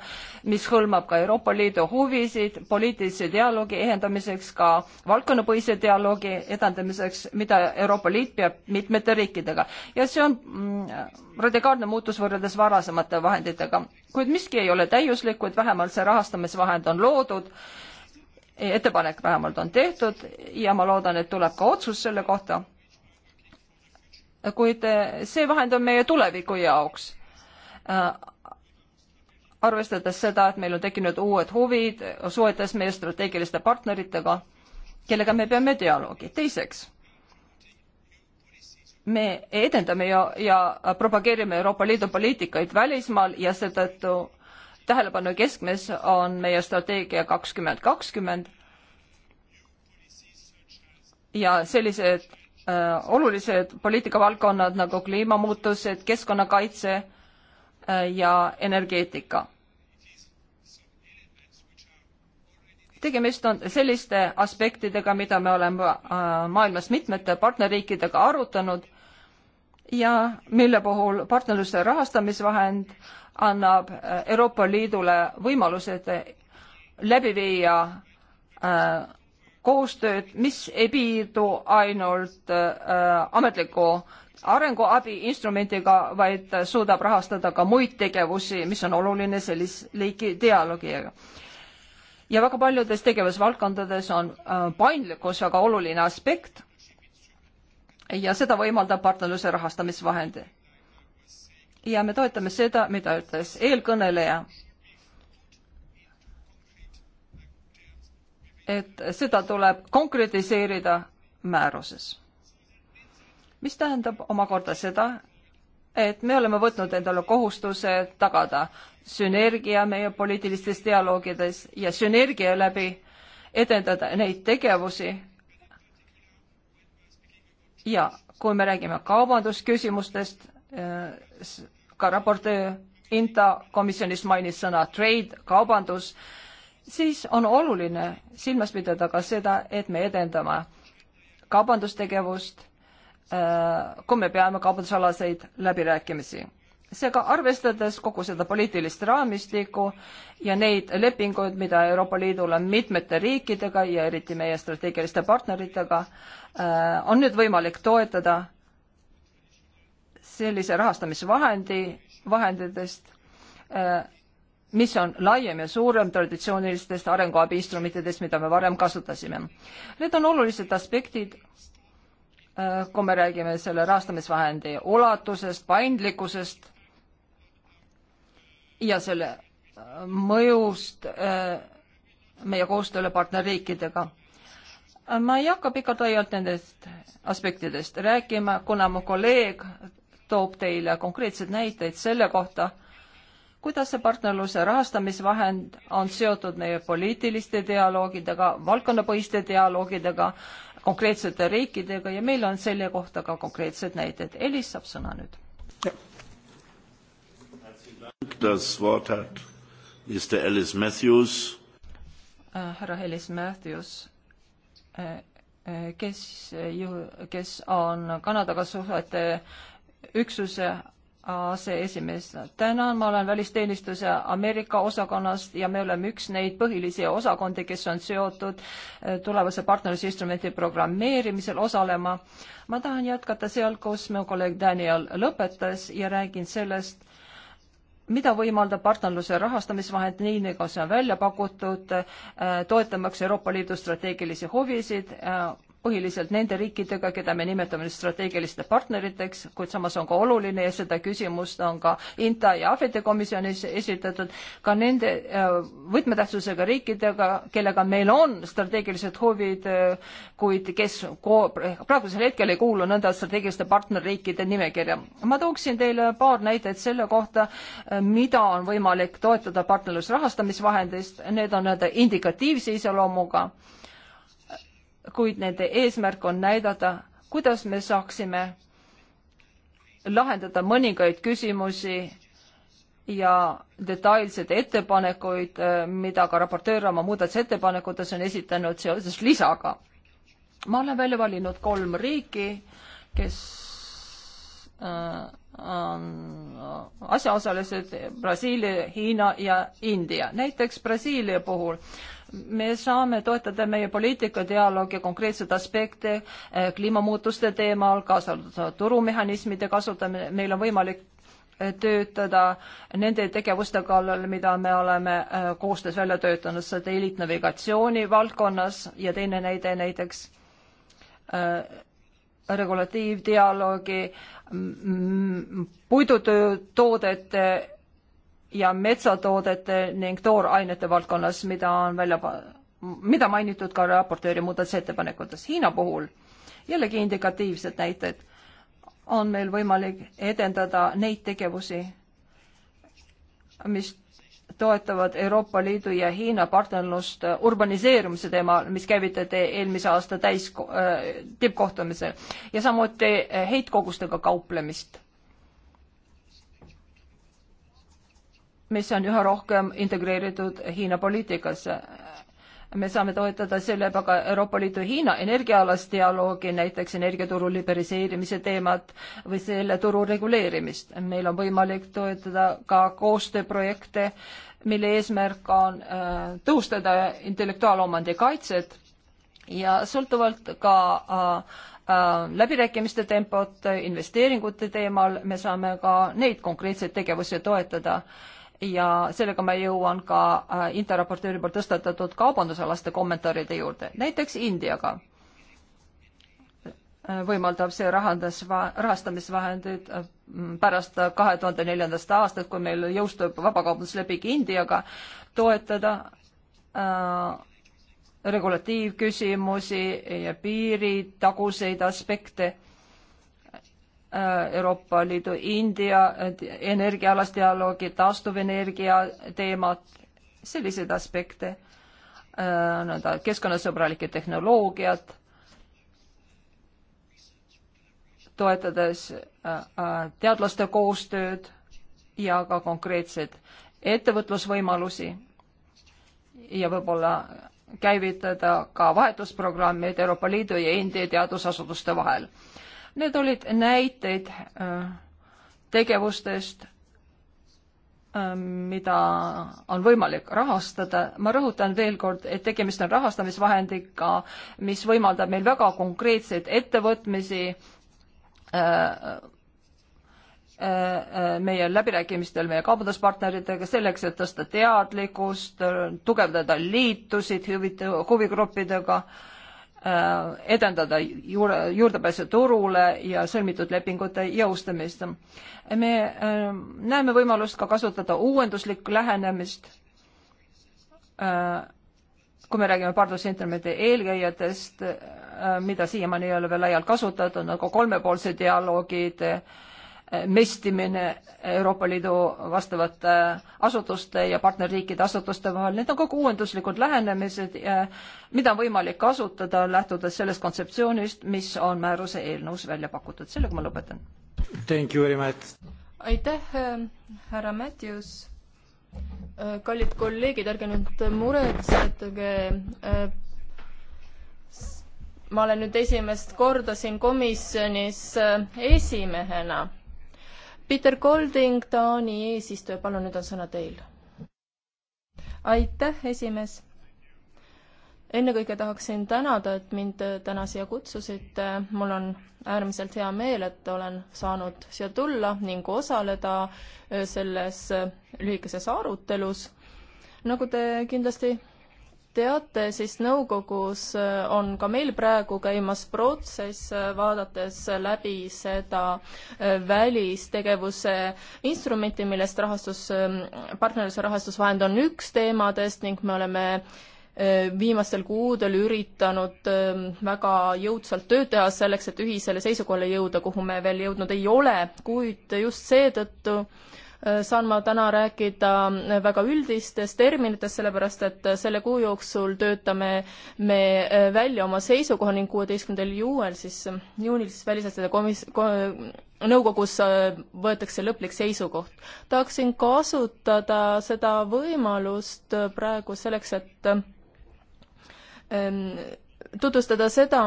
mis hõlmab ka Euroopa Liidu huvisid poliitilise dialoogi ehendamiseks, ka valdkonnapõhise dialoogi edendamiseks, mida Euroopa Liit peab mitmete riikidega. ja see on mm, radikaalne muutus võrreldes varasemate vahenditega. kuid miski ei ole täiuslik, kuid vähemalt see rahastamisvahend on loodud ettepanek vähemalt on tehtud ja ma loodan, et tuleb ka otsus selle kohta. kuid see vahend on meie tuleviku jaoks. arvestades seda, et meil on tekkinud uued huvid suhetes meie strateegiliste partneritega, kellega me peame dialoogi. teiseks, me edendame ja, ja propageerime Euroopa Liidu poliitikaid välismaal ja seetõttu tähelepanu keskmes on meie strateegia kakskümmend kakskümmend ja sellised äh, olulised poliitikavaldkonnad nagu kliimamuutused, keskkonnakaitse äh, ja energeetika. tegemist on selliste aspektidega, mida me oleme äh, maailmas mitmete partnerriikidega arutanud ja mille puhul partnerluste rahastamisvahend annab äh, Euroopa Liidule võimalused läbi viia äh, koostööd, mis ei piirdu ainult äh, ametliku arenguabi instrumendiga, vaid suudab rahastada ka muid tegevusi, mis on oluline sellist liiki dialoogiga. ja väga paljudes tegevusvaldkondades on paindlikkus väga oluline aspekt ja seda võimaldab partnerluse rahastamisvahend ja me toetame seda, mida ütles eelkõneleja. et seda tuleb konkretiseerida määruses. mis tähendab omakorda seda, et me oleme võtnud endale kohustuse tagada sünergia meie poliitilistes dialoogides ja sünergia läbi edendada neid tegevusi. ja kui me räägime kaubandusküsimustest, eh, ka raportöö INTA komisjonis mainis sõna trade, kaubandus, siis on oluline silmas pidada ka seda, et me edendame kaubandustegevust, äh, kui me peame kaubandusalaseid läbirääkimisi. seega arvestades kogu seda poliitilist raamistikku ja neid lepinguid, mida Euroopa Liidul on mitmete riikidega ja eriti meie strateegiliste partneritega, äh, on nüüd võimalik toetada sellise rahastamisvahendi, vahenditest, äh, mis on laiem ja suurem traditsioonilistest arenguabi instrumentidest, mida me varem kasutasime. Need on olulised aspektid, äh, kui me räägime selle rahastamisvahendi ulatusest, paindlikkusest ja selle äh, mõjust meie koostööle partnerriikidega. ma ei hakka pikalt laialt nendest aspektidest rääkima, kuna mu kolleeg toob teile konkreetseid näiteid selle kohta, kuidas see partnerluse rahastamisvahend on seotud meie poliitiliste dialoogidega, valdkonnapõhiste dialoogidega, konkreetsete riikidega ja meil on selle kohta ka konkreetsed näited. Elis saab sõna nüüd. Äh, härra Elis Matthews äh, äh,, kes ju, kes on Kanadaga suhete üksuse aseesimees. tänan, ma olen välisteenistuse Ameerika osakonnast ja me oleme üks neid põhilisi osakondi, kes on seotud eh, tulevase partnerlusinstrumendi programmeerimisel osalema. ma tahan jätkata seal, kus mu kolleeg Daniel lõpetas ja räägin sellest, mida võimaldab partnerluse rahastamisvahend, nii nagu see on välja pakutud, eh, toetamaks Euroopa Liidu strateegilisi huvisid eh, põhiliselt nende riikidega, keda me nimetame strateegiliste partneriteks, kuid samas on ka oluline ja seda küsimust on ka INTA ja Ahvete komisjonis esitatud, ka nende äh, võtmetähtsusega riikidega, kellega meil on strateegilised huvid, äh, kuid kes praegusel hetkel ei kuulu nõnda strateegiliste partnerriikide nimekirja. ma tooksin teile paar näidet selle kohta, äh, mida on võimalik toetada partnerluse rahastamisvahendist, need on nii-öelda indikatiivse iseloomuga kuid nende eesmärk on näidata, kuidas me saaksime lahendada mõningaid küsimusi ja detailseid ettepanekuid, äh, mida ka raportöör oma muudatusettepanekutes on esitanud seoses lisaga. ma olen välja valinud kolm riiki, kes äh, on asjaosalised Brasiilia, Hiina ja India. näiteks Brasiilia puhul me saame toetada meie poliitikadialoogi konkreetseid aspekte eh, kliimamuutuste teemal, kaasa arvatud turumehhanismide kasutamine, meil on võimalik eh, töötada nende tegevuste kallal, mida me oleme eh, koostöös välja töötanud satelliitnavigatsiooni valdkonnas ja teine näide näiteks äh, regulatiivdialoogi puidutoodete ja metsatoodete ning toorainete valdkonnas, mida on välja, mida mainitud ka raportööri muudatusettepanekutes. Hiina puhul jällegi indikatiivsed näited, on meil võimalik edendada neid tegevusi, mis toetavad Euroopa Liidu ja Hiina partnerlust urbaniseerumise teemal, mis käivitati eelmise aasta täis äh,, tippkohtumisel ja samuti heitkogustega kauplemist mis on üha rohkem integreeritud Hiina poliitikasse. me saame toetada sellega ka Euroopa Liidu Hiina energiaalast dialoogi, näiteks energiaturu liberaliseerimise teemat või selle turu reguleerimist. meil on võimalik toetada ka koostööprojekte, mille eesmärk on äh, tõustada intellektuaalomandi kaitset ja sõltuvalt ka äh, äh, läbirääkimiste tempot investeeringute teemal, me saame ka neid konkreetseid tegevusi toetada ja sellega ma jõuan ka äh, interraportööri poolt tõstatatud kaubandusalaste kommentaaride juurde, näiteks Indiaga äh, võimaldab see rahandus, rahastamisvahendid äh, pärast kahe tuhande neljandast aastat, kui meil jõustub vabakaubandusleping Indiaga, toetada äh, regulatiivküsimusi ja piiritaguseid aspekte Äh, Euroopa Liidu India äh, energiaalast dialoogi, taastuvenergia teemad, selliseid aspekte, äh, nii-öelda keskkonnasõbralikke tehnoloogiat, toetades teadlaste koostööd ja ka konkreetseid ettevõtlusvõimalusi ja võib-olla käivitada ka vahetusprogrammid Euroopa Liidu ja India teadusasutuste vahel Need olid näiteid äh, tegevustest, äh, mida on võimalik rahastada. ma rõhutan veel kord, et tegemist on rahastamisvahendiga, mis võimaldab meil väga konkreetseid ettevõtmisi äh, meie läbirääkimistel meie kaubanduspartneritega selleks, et tõsta teadlikkust, tugevdada liitusid huvigruppidega äh, Äh, edendada juurde, juurdepääsu turule ja sõlmitud lepingute jõustamist. me äh, näeme võimalust ka kasutada uuenduslikku lähenemist, äh, kui me räägime pardusinterneti eelkäijatest, mida siiamaani ei ole veel laialt kasutatud, nagu kolmepoolsed dialoogid, Äh, mestimine Euroopa Liidu vastavate äh, asutuste ja partnerriikide asutuste vahel, need on kõik uuenduslikud lähenemised, äh, mida on võimalik kasutada, lähtudes sellest kontseptsioonist, mis on määruse eelnõus välja pakutud. sellega ma lõpetan. aitäh, härra Matthews. kallid kolleegid, ärge nüüd muretsetage ma olen nüüd esimest korda siin komisjonis esimehena Peter Golding, Taani eesistuja, palun, nüüd on sõna teil. aitäh, esimees. ennekõike tahaksin tänada, et mind täna siia kutsusite. mul on äärmiselt hea meel, et olen saanud siia tulla ning osaleda äh, selles äh, lühikeses arutelus. nagu te kindlasti teate, siis nõukogus äh, on ka meil praegu käimas protsess, äh, vaadates läbi seda äh, välistegevuse instrumenti, millest rahastus, partnerluse rahastusvahend on üks teemadest ning me oleme viimastel kuudel üritanud ähm, väga jõudsalt tööd teha selleks, et ühisele seisukohale jõuda, kuhu me veel jõudnud ei ole, kuid just seetõttu Äh, saan ma täna rääkida äh, väga üldistest terminitest, sellepärast et äh, selle kuu jooksul töötame me välja oma seisukoha ning kuueteistkümnendal juuel siis, juunil siis välisasjade komis-, nõukogus võetakse lõplik seisukoht. tahaksin kasutada seda võimalust praegu selleks, et ähm, tutvustada seda,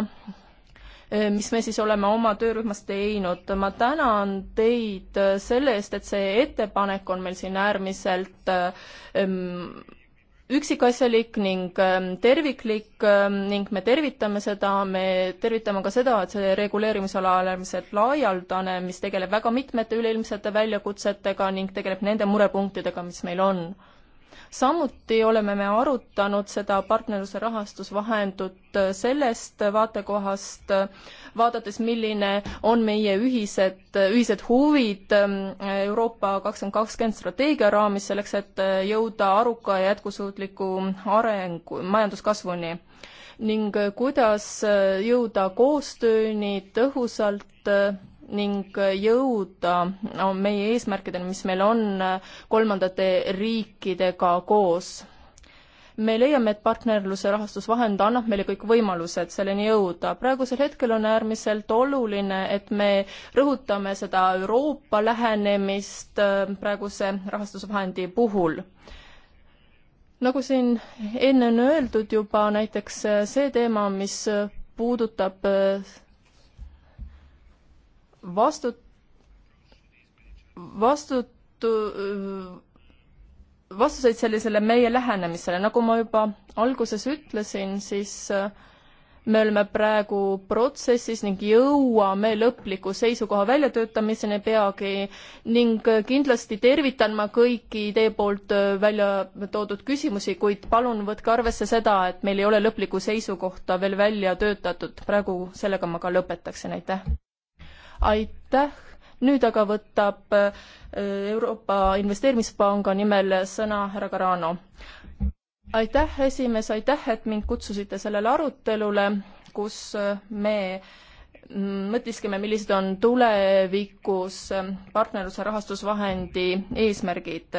Äh, mis me siis oleme oma töörühmas teinud. ma tänan teid äh, selle eest, et see ettepanek on meil siin äärmiselt äh, üksikasjalik ning ähm, terviklik ähm, ning me tervitame seda, me tervitame ka seda, et see reguleerimisala on äärmiselt laialdane, mis tegeleb väga mitmete üleilmsete väljakutsetega ning tegeleb nende murepunktidega, mis meil on samuti oleme me arutanud seda partnerluse rahastusvahendut äh, sellest vaatekohast, äh, vaadates, milline on meie ühised, äh, ühised huvid ähm, Euroopa kakskümmend kakskümmend strateegia raamis, selleks et jõuda aruka ja jätkusuutliku arengu, majanduskasvuni ning kuidas jõuda koostööni tõhusalt ning jõuda no, meie eesmärkideni, mis meil on kolmandate riikidega koos. me leiame, et partnerluse rahastusvahend annab meile kõik võimalused selleni jõuda. praegusel hetkel on äärmiselt oluline, et me rõhutame seda Euroopa lähenemist äh, praeguse rahastusvahendi puhul nagu siin enne on öeldud juba, näiteks äh, see teema, mis puudutab äh, vastu, vastutu, vastuseid sellisele meie lähenemisele, nagu ma juba alguses ütlesin, siis äh, me oleme praegu protsessis ning jõuame lõpliku seisukoha väljatöötamiseni peagi ning äh, kindlasti tervitan ma kõiki teie poolt äh, välja toodud küsimusi, kuid palun võtke arvesse seda, et meil ei ole lõplikku seisukohta veel välja töötatud. praegu sellega ma ka lõpetaksin, aitäh! aitäh, nüüd aga võtab äh, Euroopa Investeerimispanga nimel sõna härra Carano. aitäh, esimees, aitäh, et mind kutsusite sellele arutelule, kus äh, me mõtiskleme, millised on tulevikus partnerluse rahastusvahendi eesmärgid.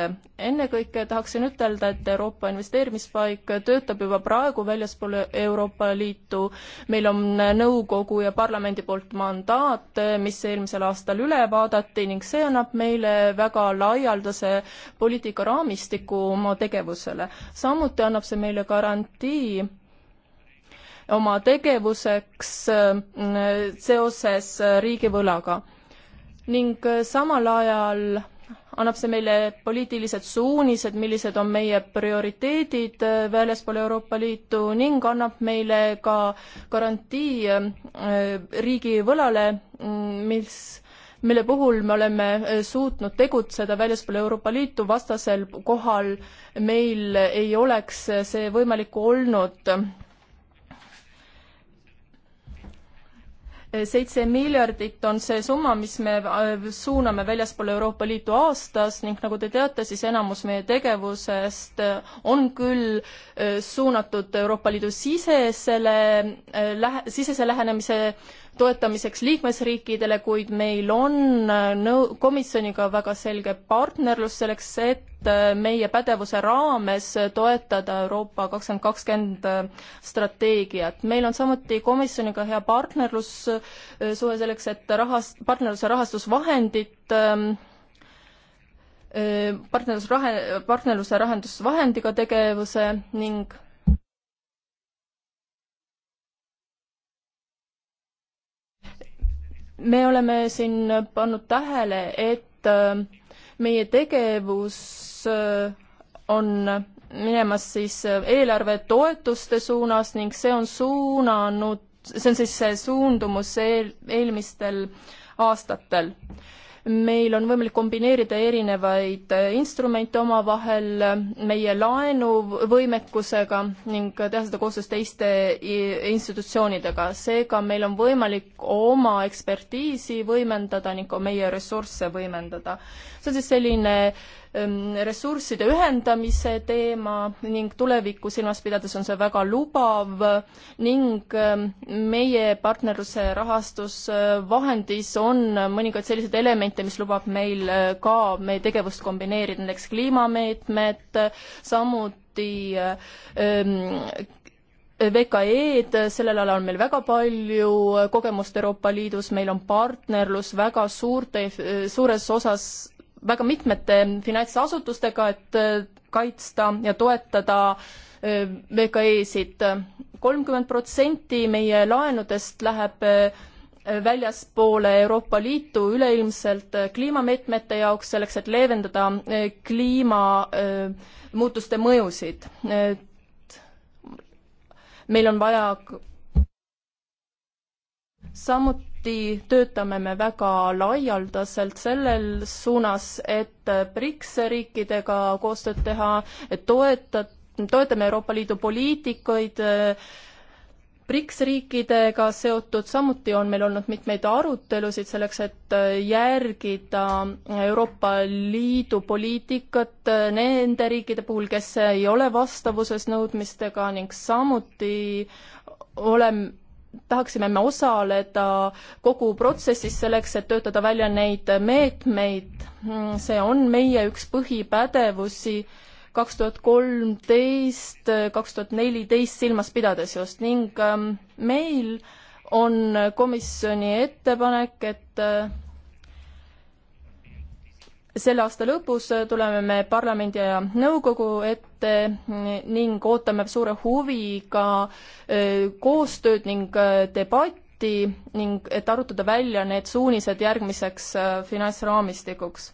ennekõike tahaksin ütelda, et Euroopa Investeerimispaik töötab juba praegu väljaspool Euroopa Liitu. meil on nõukogu ja parlamendi poolt mandaat, mis eelmisel aastal üle vaadati ning see annab meile väga laialdase poliitikaraamistiku oma tegevusele. samuti annab see meile garantii, oma tegevuseks äh, seoses äh, riigivõlaga. ning äh, samal ajal annab see meile poliitilised suunised, millised on meie prioriteedid väljaspool Euroopa Liitu ning annab meile ka garantii riigivõlale, mm, mis, mille puhul me oleme suutnud tegutseda väljaspool Euroopa Liitu, vastasel kohal meil ei oleks see võimalik olnud seitse miljardit on see summa, mis me äh, suuname väljaspool Euroopa Liitu aastas ning nagu te teate, siis enamus meie tegevusest äh, on küll äh, suunatud Euroopa Liidu sisesele lähe-, sisese lähenemise toetamiseks liikmesriikidele, kuid meil on äh, nõu-, komisjoniga väga selge partnerlus selleks, et äh, meie pädevuse raames toetada Euroopa kakskümmend kakskümmend äh, strateegiat. meil on samuti komisjoniga hea partnerlussuhe selleks, et rahas-, partnerluse rahastusvahendit ähm, partnerlusrahe, partnerluse rahendusvahendiga tegevuse ning me oleme siin pannud tähele, et äh, meie tegevus äh, on minemas siis äh, eelarvetoetuste suunas ning see on suunanud, see on siis see suundumus eel, eelmistel aastatel meil on võimalik kombineerida erinevaid äh, instrumente omavahel meie laenuvõimekusega ning teha seda koostöös teiste institutsioonidega. seega meil on võimalik oma ekspertiisi võimendada ning ka meie ressursse võimendada. see on siis selline äh, Ähm, ressursside ühendamise teema ning tulevikku silmas pidades on see väga lubav ning ähm, meie partnerluse rahastusvahendis äh, on mõningaid selliseid elemente, mis lubab meil äh, ka meie tegevust kombineerida, näiteks kliimameetmed, samuti äh, ähm, VKE-d, sellel alal on meil väga palju kogemust Euroopa Liidus, meil on partnerlus väga suurte, suures osas väga mitmete finantsasutustega, et äh, kaitsta ja toetada äh, VKE-sid. kolmkümmend protsenti meie laenudest läheb äh, väljaspoole Euroopa Liitu üleilmselt kliimameetmete jaoks, selleks et leevendada kliimamuutuste mõjusid. meil on vaja samuti samuti töötame me väga laialdaselt sellel suunas, et BRICS riikidega koostööd teha, et toeta, toetame Euroopa Liidu poliitikaid, BRICS riikidega seotud, samuti on meil olnud mitmeid arutelusid selleks, et järgida Euroopa Liidu poliitikat nende riikide puhul, kes ei ole vastavuses nõudmistega ning samuti oleme tahaksime me osaleda kogu protsessis selleks, et töötada välja neid meetmeid. Mm, see on meie üks põhipädevusi kaks tuhat kolmteist, kaks tuhat neliteist silmas pidades just ning ähm, meil on komisjoni ettepanek, et äh, selle aasta lõpus tuleme me parlamendi ja nõukogu ette ning ootame suure huviga koostööd ning debatti ning et arutada välja need suunised järgmiseks finantsraamistikuks.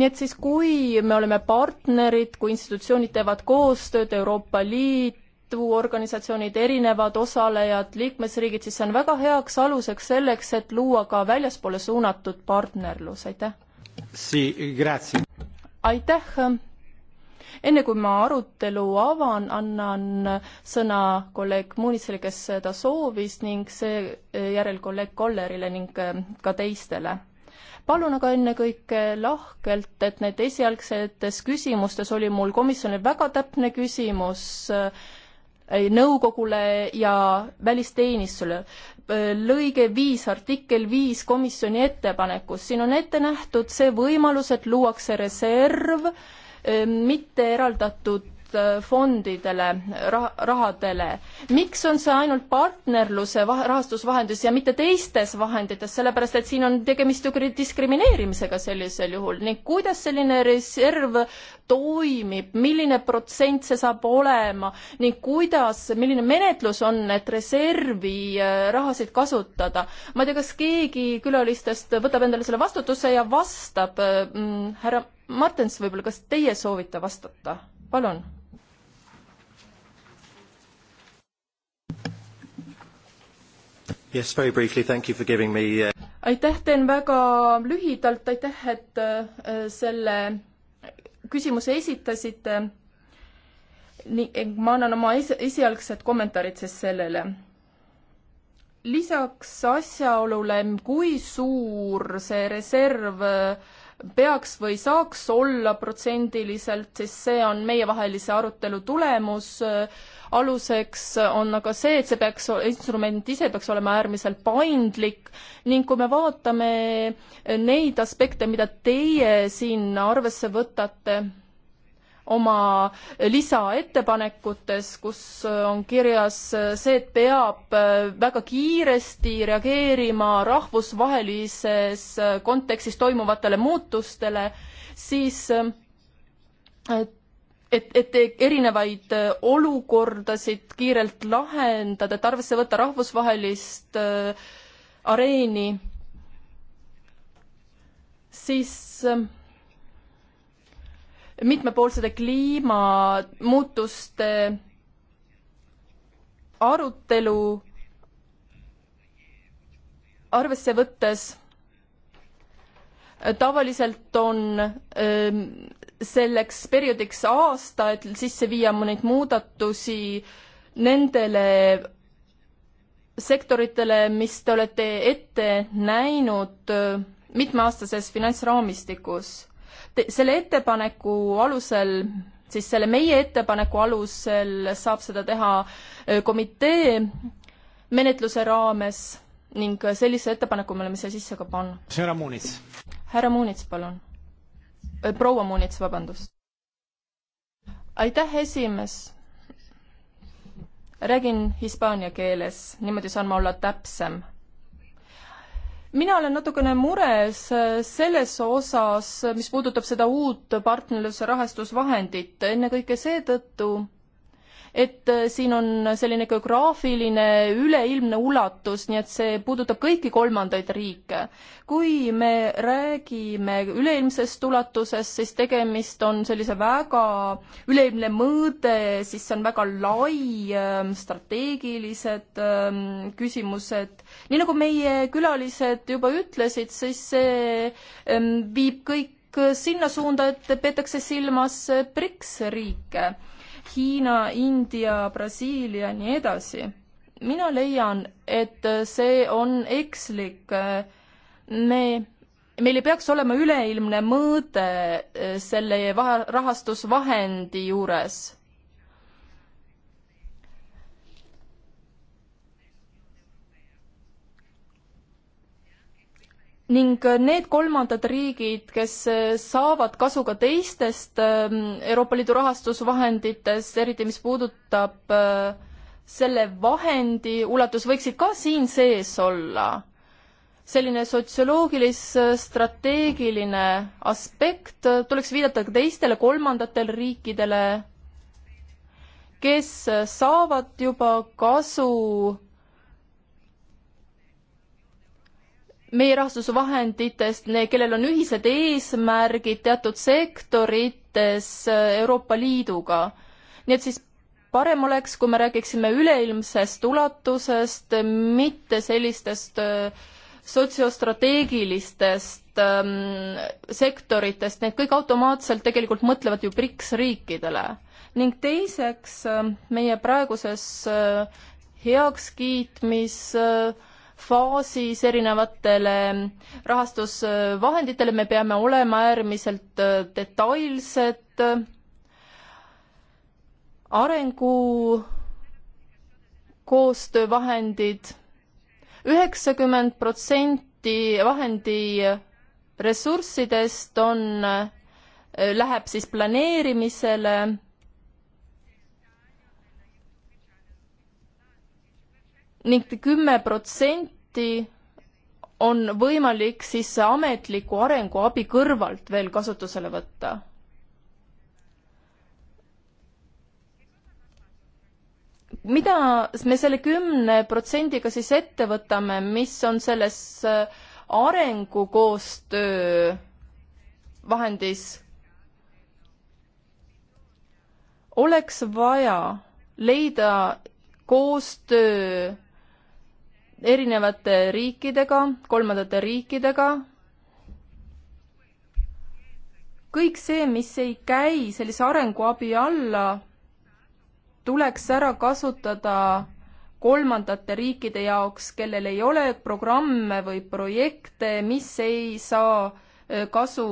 nii et siis, kui me oleme partnerid, kui institutsioonid teevad koostööd, Euroopa Liit, organisatsioonid, erinevad osalejad, liikmesriigid, siis see on väga heaks aluseks selleks, et luua ka väljapoole suunatud partnerlus, aitäh! Si, aitäh. enne kui ma arutelu avan, annan sõna kolleeg Muunitsele, kes seda soovis ning seejärel kolleeg Kollerile ning ka teistele palun aga ennekõike lahkelt, et need esialgsetes küsimustes oli mul komisjonil väga täpne küsimus Äh, nõukogule ja välisteenistusele. lõige viis, artikkel viis komisjoni ettepanekus, siin on ette nähtud see võimalus, et luuakse reserv äh, mitte eraldatud toetust äh, fondidele, rahadele. miks on see ainult partnerluse rahastusvahendis ja mitte teistes vahendites, sellepärast et siin on tegemist ju diskrimineerimisega sellisel juhul ning kuidas selline reserv toimib, milline protsent see saab olema ning kuidas, milline menetlus on, et reservi äh, rahasid kasutada. ma ei tea, kas keegi külalistest võtab endale selle vastutuse ja vastab, äh, mm, härra Martens, võib-olla kas teie soovite vastata, palun? Yes, very briefly, thank you for giving me uh... aitäh, teen väga lühidalt, aitäh, et uh, selle küsimuse esitasite. nii, ma annan oma es esialgsed kommentaarid siis sellele. lisaks asjaolule, kui suur see reserv uh, peaks või saaks olla protsendiliselt, siis see on meievahelise arutelu tulemus, aluseks on aga see, et see peaks, instrument ise peaks olema äärmiselt paindlik ning kui me vaatame neid aspekte, mida teie siin arvesse võtate, oma lisaettepanekutes, kus äh, on kirjas äh, see, et peab äh, väga kiiresti reageerima rahvusvahelises kontekstis toimuvatele muutustele, siis et, et erinevaid olukordasid kiirelt lahendada, et arvesse võtta rahvusvahelist areeni, siis mitmepoolsete kliimamuutuste arutelu arvesse võttes tavaliselt on ähm, selleks perioodiks aasta, et sisse viia neid muudatusi nendele sektoritele, mis te olete ette näinud äh, mitmeaastases finantsraamistikus selle ettepaneku alusel siis selle meie ettepaneku alusel saab seda teha äh, komitee menetluse raames ning äh, sellise ettepaneku me oleme siia sisse ka pannud. härra Muunits. härra Muunits, palun. Äh, proua Muunits, vabandust. aitäh, esimees. räägin hispaania keeles, niimoodi saan ma olla täpsem mina olen natukene mures äh, selles osas, mis puudutab seda uut partnerluse rahastusvahendit, ennekõike seetõttu, et äh, siin on selline geograafiline üleilmne ulatus, nii et see puudutab kõiki kolmandaid riike. kui me räägime üleilmsest ulatusest, siis tegemist on sellise väga, üleilmne mõõde, siis see on väga lai, ähm, strateegilised ähm, küsimused, nii nagu meie külalised juba ütlesid, siis see ähm, viib kõik äh, sinna suunda, et peetakse silmas äh, BRICS riike Hiina, India, Brasiilia ja nii edasi. mina leian, et see on ekslik. me, meil ei peaks olema üleilmne mõõde selle rahastusvahendi juures ning need kolmandad riigid, kes äh, saavad kasu ka teistest ähm, Euroopa Liidu rahastusvahenditest, eriti mis puudutab äh, selle vahendi ulatus, võiksid ka siin sees olla. selline sotsioloogilis-strateegiline äh, aspekt, tuleks viidata ka teistele kolmandatele riikidele, kes saavad juba kasu meie rahastusvahenditest, kellel on ühised eesmärgid teatud sektorites Euroopa Liiduga. nii et siis parem oleks, kui me räägiksime üleilmsest ulatusest, mitte sellistest äh, sotsiostrateegilistest ähm, sektoritest, need kõik automaatselt tegelikult mõtlevad ju BRICS riikidele. ning teiseks, äh, meie praeguses äh, heakskiitmis äh, faasis erinevatele rahastusvahenditele, me peame olema äärmiselt äh, detailsed arengu koostöövahendid, üheksakümmend protsenti vahendi ressurssidest on, äh, läheb siis planeerimisele ning kümme protsenti on võimalik siis ametliku arenguabi kõrvalt veel kasutusele võtta. mida me selle kümne protsendiga siis ette võtame, mis on selles äh, arengukoostöö vahendis? oleks vaja leida koostöö erinevate riikidega, kolmandate riikidega. kõik see, mis ei käi sellise arenguabi alla, tuleks ära kasutada kolmandate riikide jaoks, kellel ei ole programme või projekte, mis ei saa kasu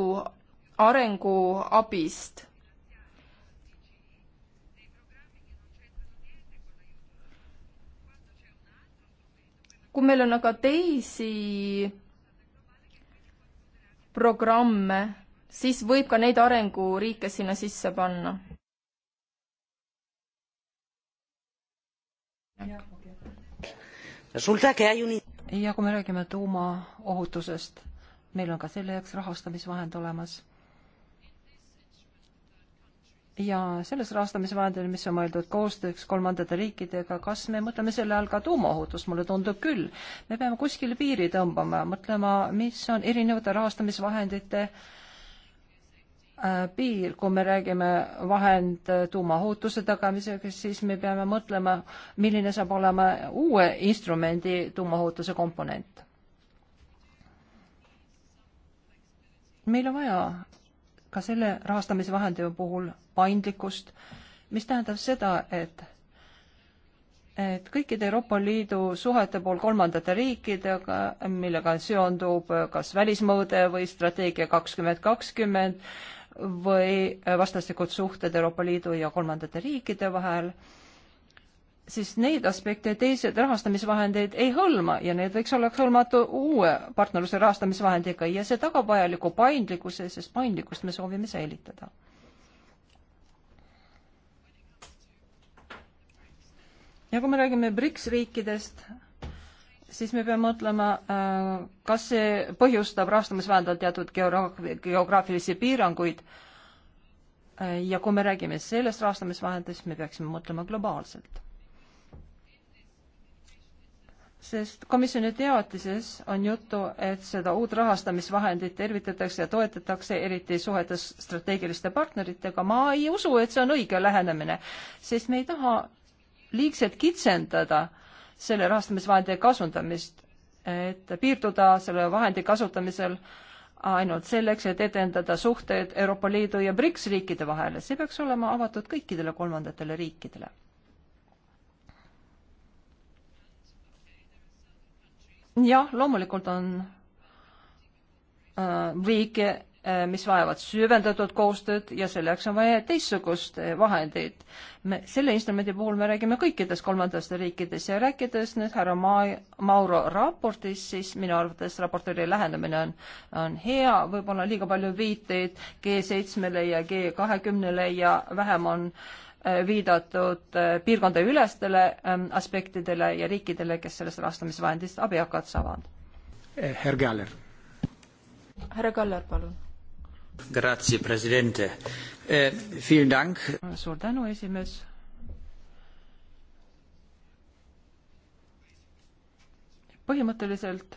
arenguabist kui meil on aga teisi programme, siis võib ka neid arenguriike sinna sisse panna. ja kui me räägime tuumaohutusest, meil on ka selle jaoks rahastamisvahend olemas ja selles rahastamisvahendil, mis on mõeldud koostööks kolmandate riikidega, kas me mõtleme selle all ka tuumaohutust, mulle tundub küll. me peame kuskile piiri tõmbama, mõtlema, mis on erinevate rahastamisvahendite äh, piir, kui me räägime vahend äh, tuumaohutuse tagamisega, siis me peame mõtlema, milline saab olema uue instrumendi tuumaohutuse komponent. meil on vaja ka selle rahastamisvahendi puhul paindlikkust, mis tähendab seda, et et kõikide Euroopa Liidu suhete pool kolmandate riikidega, millega seondub kas välismõõde või strateegia kakskümmend kakskümmend või vastastikud suhted Euroopa Liidu ja kolmandate riikide vahel äh,, siis neid aspekte teised rahastamisvahendeid ei hõlma ja need võiks olla hõlmatu uue partnerluse rahastamisvahendiga ja see tagab vajaliku paindlikkuse, sest paindlikkust me soovime säilitada. ja kui me räägime BRICS riikidest, siis me peame mõtlema, äh, kas see põhjustab rahastamisvahendajal teatud geograafilisi piiranguid äh, ja kui me räägime sellest rahastamisvahendist, me peaksime mõtlema globaalselt sest komisjoni teatises on juttu, et seda uut rahastamisvahendit tervitatakse ja toetatakse, eriti suhetes strateegiliste partneritega. ma ei usu, et see on õige lähenemine, sest me ei taha liigselt kitsendada selle rahastamisvahendi kasutamist, et piirduda selle vahendi kasutamisel ainult selleks, et edendada suhteid Euroopa Liidu ja BRICS riikide vahel. see peaks olema avatud kõikidele kolmandatele riikidele jah, loomulikult on äh, riike, äh, mis vajavad süvendatud koostööd ja selleks on vaja teistsugust äh, vahendeid. me selle instrumendi puhul me räägime kõikidest kolmandatest riikidest ja rääkides nüüd härra Ma-, Mauro raportist, siis minu arvates raportööri lähenemine on, on hea, võib-olla liiga palju viiteid G7-le ja G20-le ja vähem on äh, Äh, viidatud äh, piirkondaülestele ähm, aspektidele ja riikidele, kes sellest rahastamisvahendist abi hakkavad saavad. härra eh, Kaller. härra Kaller, palun. Grazie, president eh,. Vielen Dank. suur tänu, esimees. põhimõtteliselt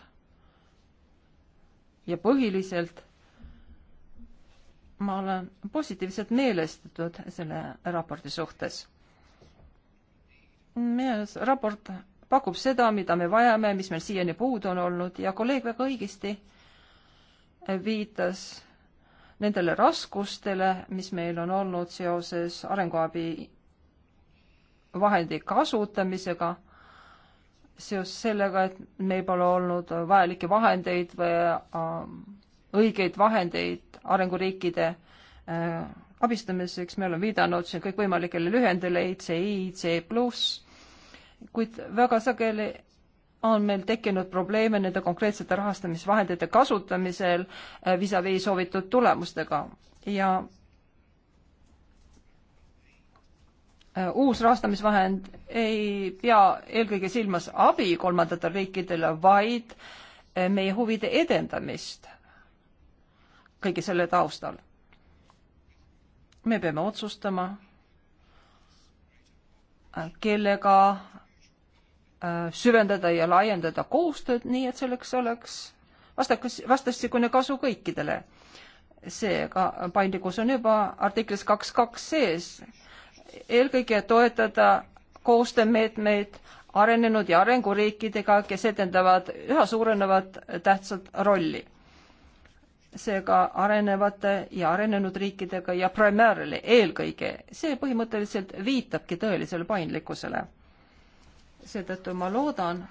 ja põhiliselt ma olen positiivselt meelestatud selle raporti suhtes. meie raport pakub seda, mida me vajame, mis meil siiani puudu on olnud ja kolleeg väga õigesti viitas nendele raskustele, mis meil on olnud seoses arenguabi vahendi kasutamisega, seoses sellega, et meil pole olnud vajalikke vahendeid või äh, õigeid vahendeid arenguriikide äh, abistamiseks, me oleme viidanud siin kõikvõimalikele lühendile ICI, IC pluss, kuid väga sageli on meil tekkinud probleeme nende konkreetsete rahastamisvahendite kasutamisel äh, vis-a-vis -vis soovitud tulemustega ja äh, uus rahastamisvahend ei pea eelkõige silmas abi kolmandatele riikidele, vaid äh, meie huvide edendamist kõige selle taustal. me peame otsustama, kellega äh, süvendada ja laiendada koostööd, nii et selleks oleks vastakas, vastastikune kasu kõikidele. seega paindlikkus on juba artiklis kaks kaks sees. eelkõige toetada koostöömeetmeid arenenud ja arenguriikidega, kes etendavad üha suurenevat tähtsat rolli seega arenevate ja arenenud riikidega ja primarily, eelkõige. see põhimõtteliselt viitabki tõelisele paindlikkusele. seetõttu ma loodan,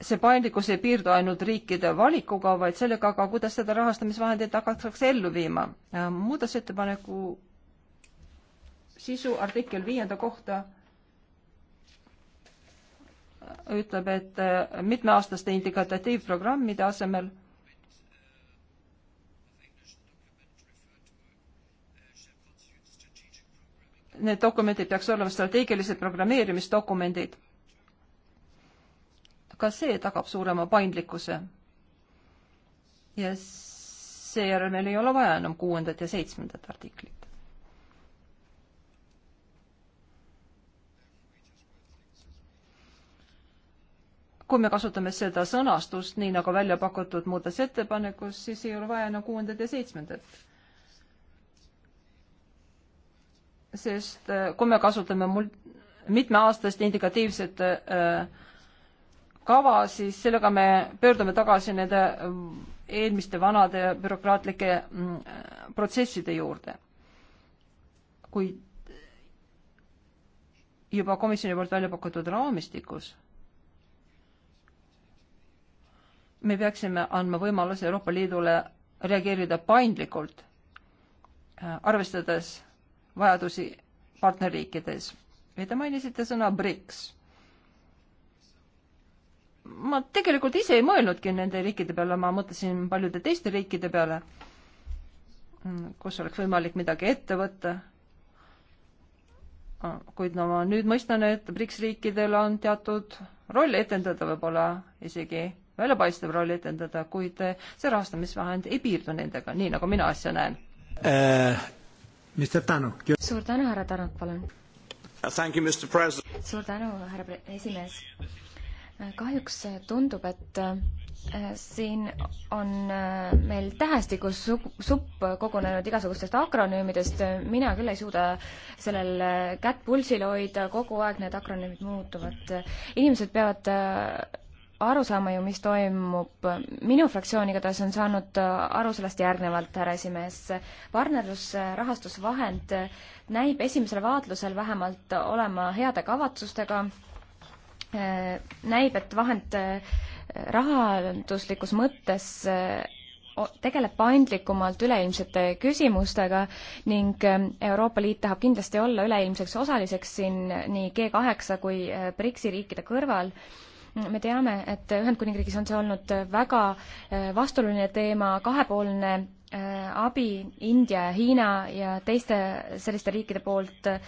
see paindlikkus ei piirdu ainult riikide valikuga, vaid sellega ka, kuidas seda rahastamisvahendeid hakatakse ellu viima. muudatusettepaneku sisu artikkel viienda kohta ütleb, et äh, mitmeaastaste indikatiivprogrammide asemel need dokumendid peaks olema strateegilised programmeerimisdokumendid. ka see tagab suurema paindlikkuse. ja seejärel meil ei ole vaja enam kuuendat ja seitsmendat artiklit. kui me kasutame seda sõnastust, nii nagu välja pakutud muudatusettepanekus, siis ei ole vaja enam kuuendat ja seitsmendat. sest äh, kui me kasutame mul-, mitmeaastast indikatiivset äh, kava, siis sellega me pöördume tagasi nende äh, eelmiste vanade bürokraatlike mm, äh, protsesside juurde. kuid juba komisjoni poolt välja pakutud raamistikus me peaksime andma võimaluse Euroopa Liidule reageerida paindlikult, äh, arvestades vajadusi partnerriikides. ja te mainisite sõna BRICS. ma tegelikult ise ei mõelnudki nende riikide peale, ma mõtlesin paljude teiste riikide peale, mm, kus oleks võimalik midagi ette võtta. Äh, kuid no ma nüüd mõistan, et BRICS riikidel on teatud roll etendada võib-olla isegi väljapaistev roll etendada, kuid eh, see rahastamisvahend ei piirdu nendega, nii nagu mina asja näen äh,. Eh, suur tänu, härra Tanuk, palun you, suur tänu, härra esimees. Eh, kahjuks tundub, et siin on meil tähestikus supp kogunenud igasugustest akronüümidest, mina küll ei suuda sellel kätt pulsil hoida, kogu aeg need akronüümid muutuvad. inimesed peavad aru saama ju, mis toimub. minu fraktsioon igatahes on saanud aru sellest järgnevalt, härra esimees. partnerlusrahastusvahend näib esimesel vaatlusel vähemalt olema heade kavatsustega. näib, et vahend rahanduslikus mõttes tegeleb paindlikumalt üleilmsete küsimustega ning Euroopa Liit tahab kindlasti olla üleilmseks osaliseks siin nii G8 kui BRICS-i riikide kõrval me teame, et Ühendkuningriigis on see olnud väga äh, vastuoluline teema, kahepoolne äh, abi India, Hiina ja teiste selliste riikide poolt äh,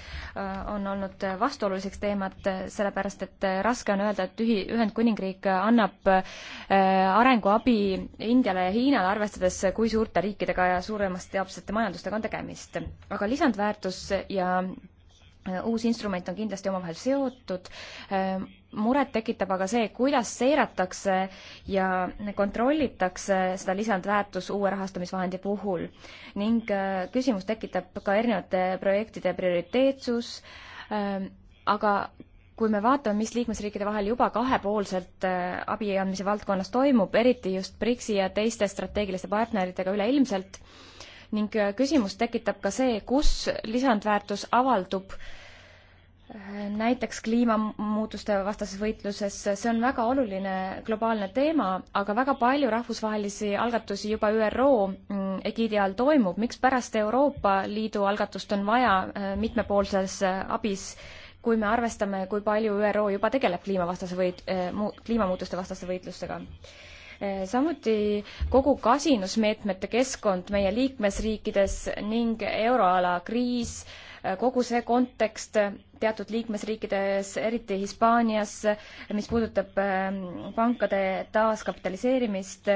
on olnud vastuoluliseks teemat, sellepärast et raske on öelda, et ühi-, Ühendkuningriik annab arenguabi Indiale ja Hiinale, arvestades, kui suurte riikidega ja suuremasti täpsete majandustega on tegemist. aga lisandväärtus ja uus instrument on kindlasti omavahel seotud, muret tekitab aga see, kuidas seiratakse ja kontrollitakse seda lisandväärtus uue rahastamisvahendi puhul. ning äh, küsimus tekitab ka erinevate projektide prioriteetsus, ähm, aga kui me vaatame, mis liikmesriikide vahel juba kahepoolselt äh, abi andmise valdkonnas toimub, eriti just BRICS-i ja teiste strateegiliste partneritega üleilmselt, ning äh, küsimus tekitab ka see, kus lisandväärtus avaldub äh, näiteks kliimamuutuste vastases võitluses, see on väga oluline globaalne teema, aga väga palju rahvusvahelisi algatusi juba ÜRO mm, egiidi all toimub, mikspärast Euroopa Liidu algatust on vaja äh, mitmepoolses äh, abis, kui me arvestame, kui palju ÜRO juba tegeleb kliimavastase võit-, äh, kliimamuutuste vastaste võitlustega samuti kogu kasinusmeetmete keskkond meie liikmesriikides ning euroala kriis, kogu see kontekst teatud liikmesriikides, eriti Hispaanias, mis puudutab ähm, pankade taaskapitaliseerimist.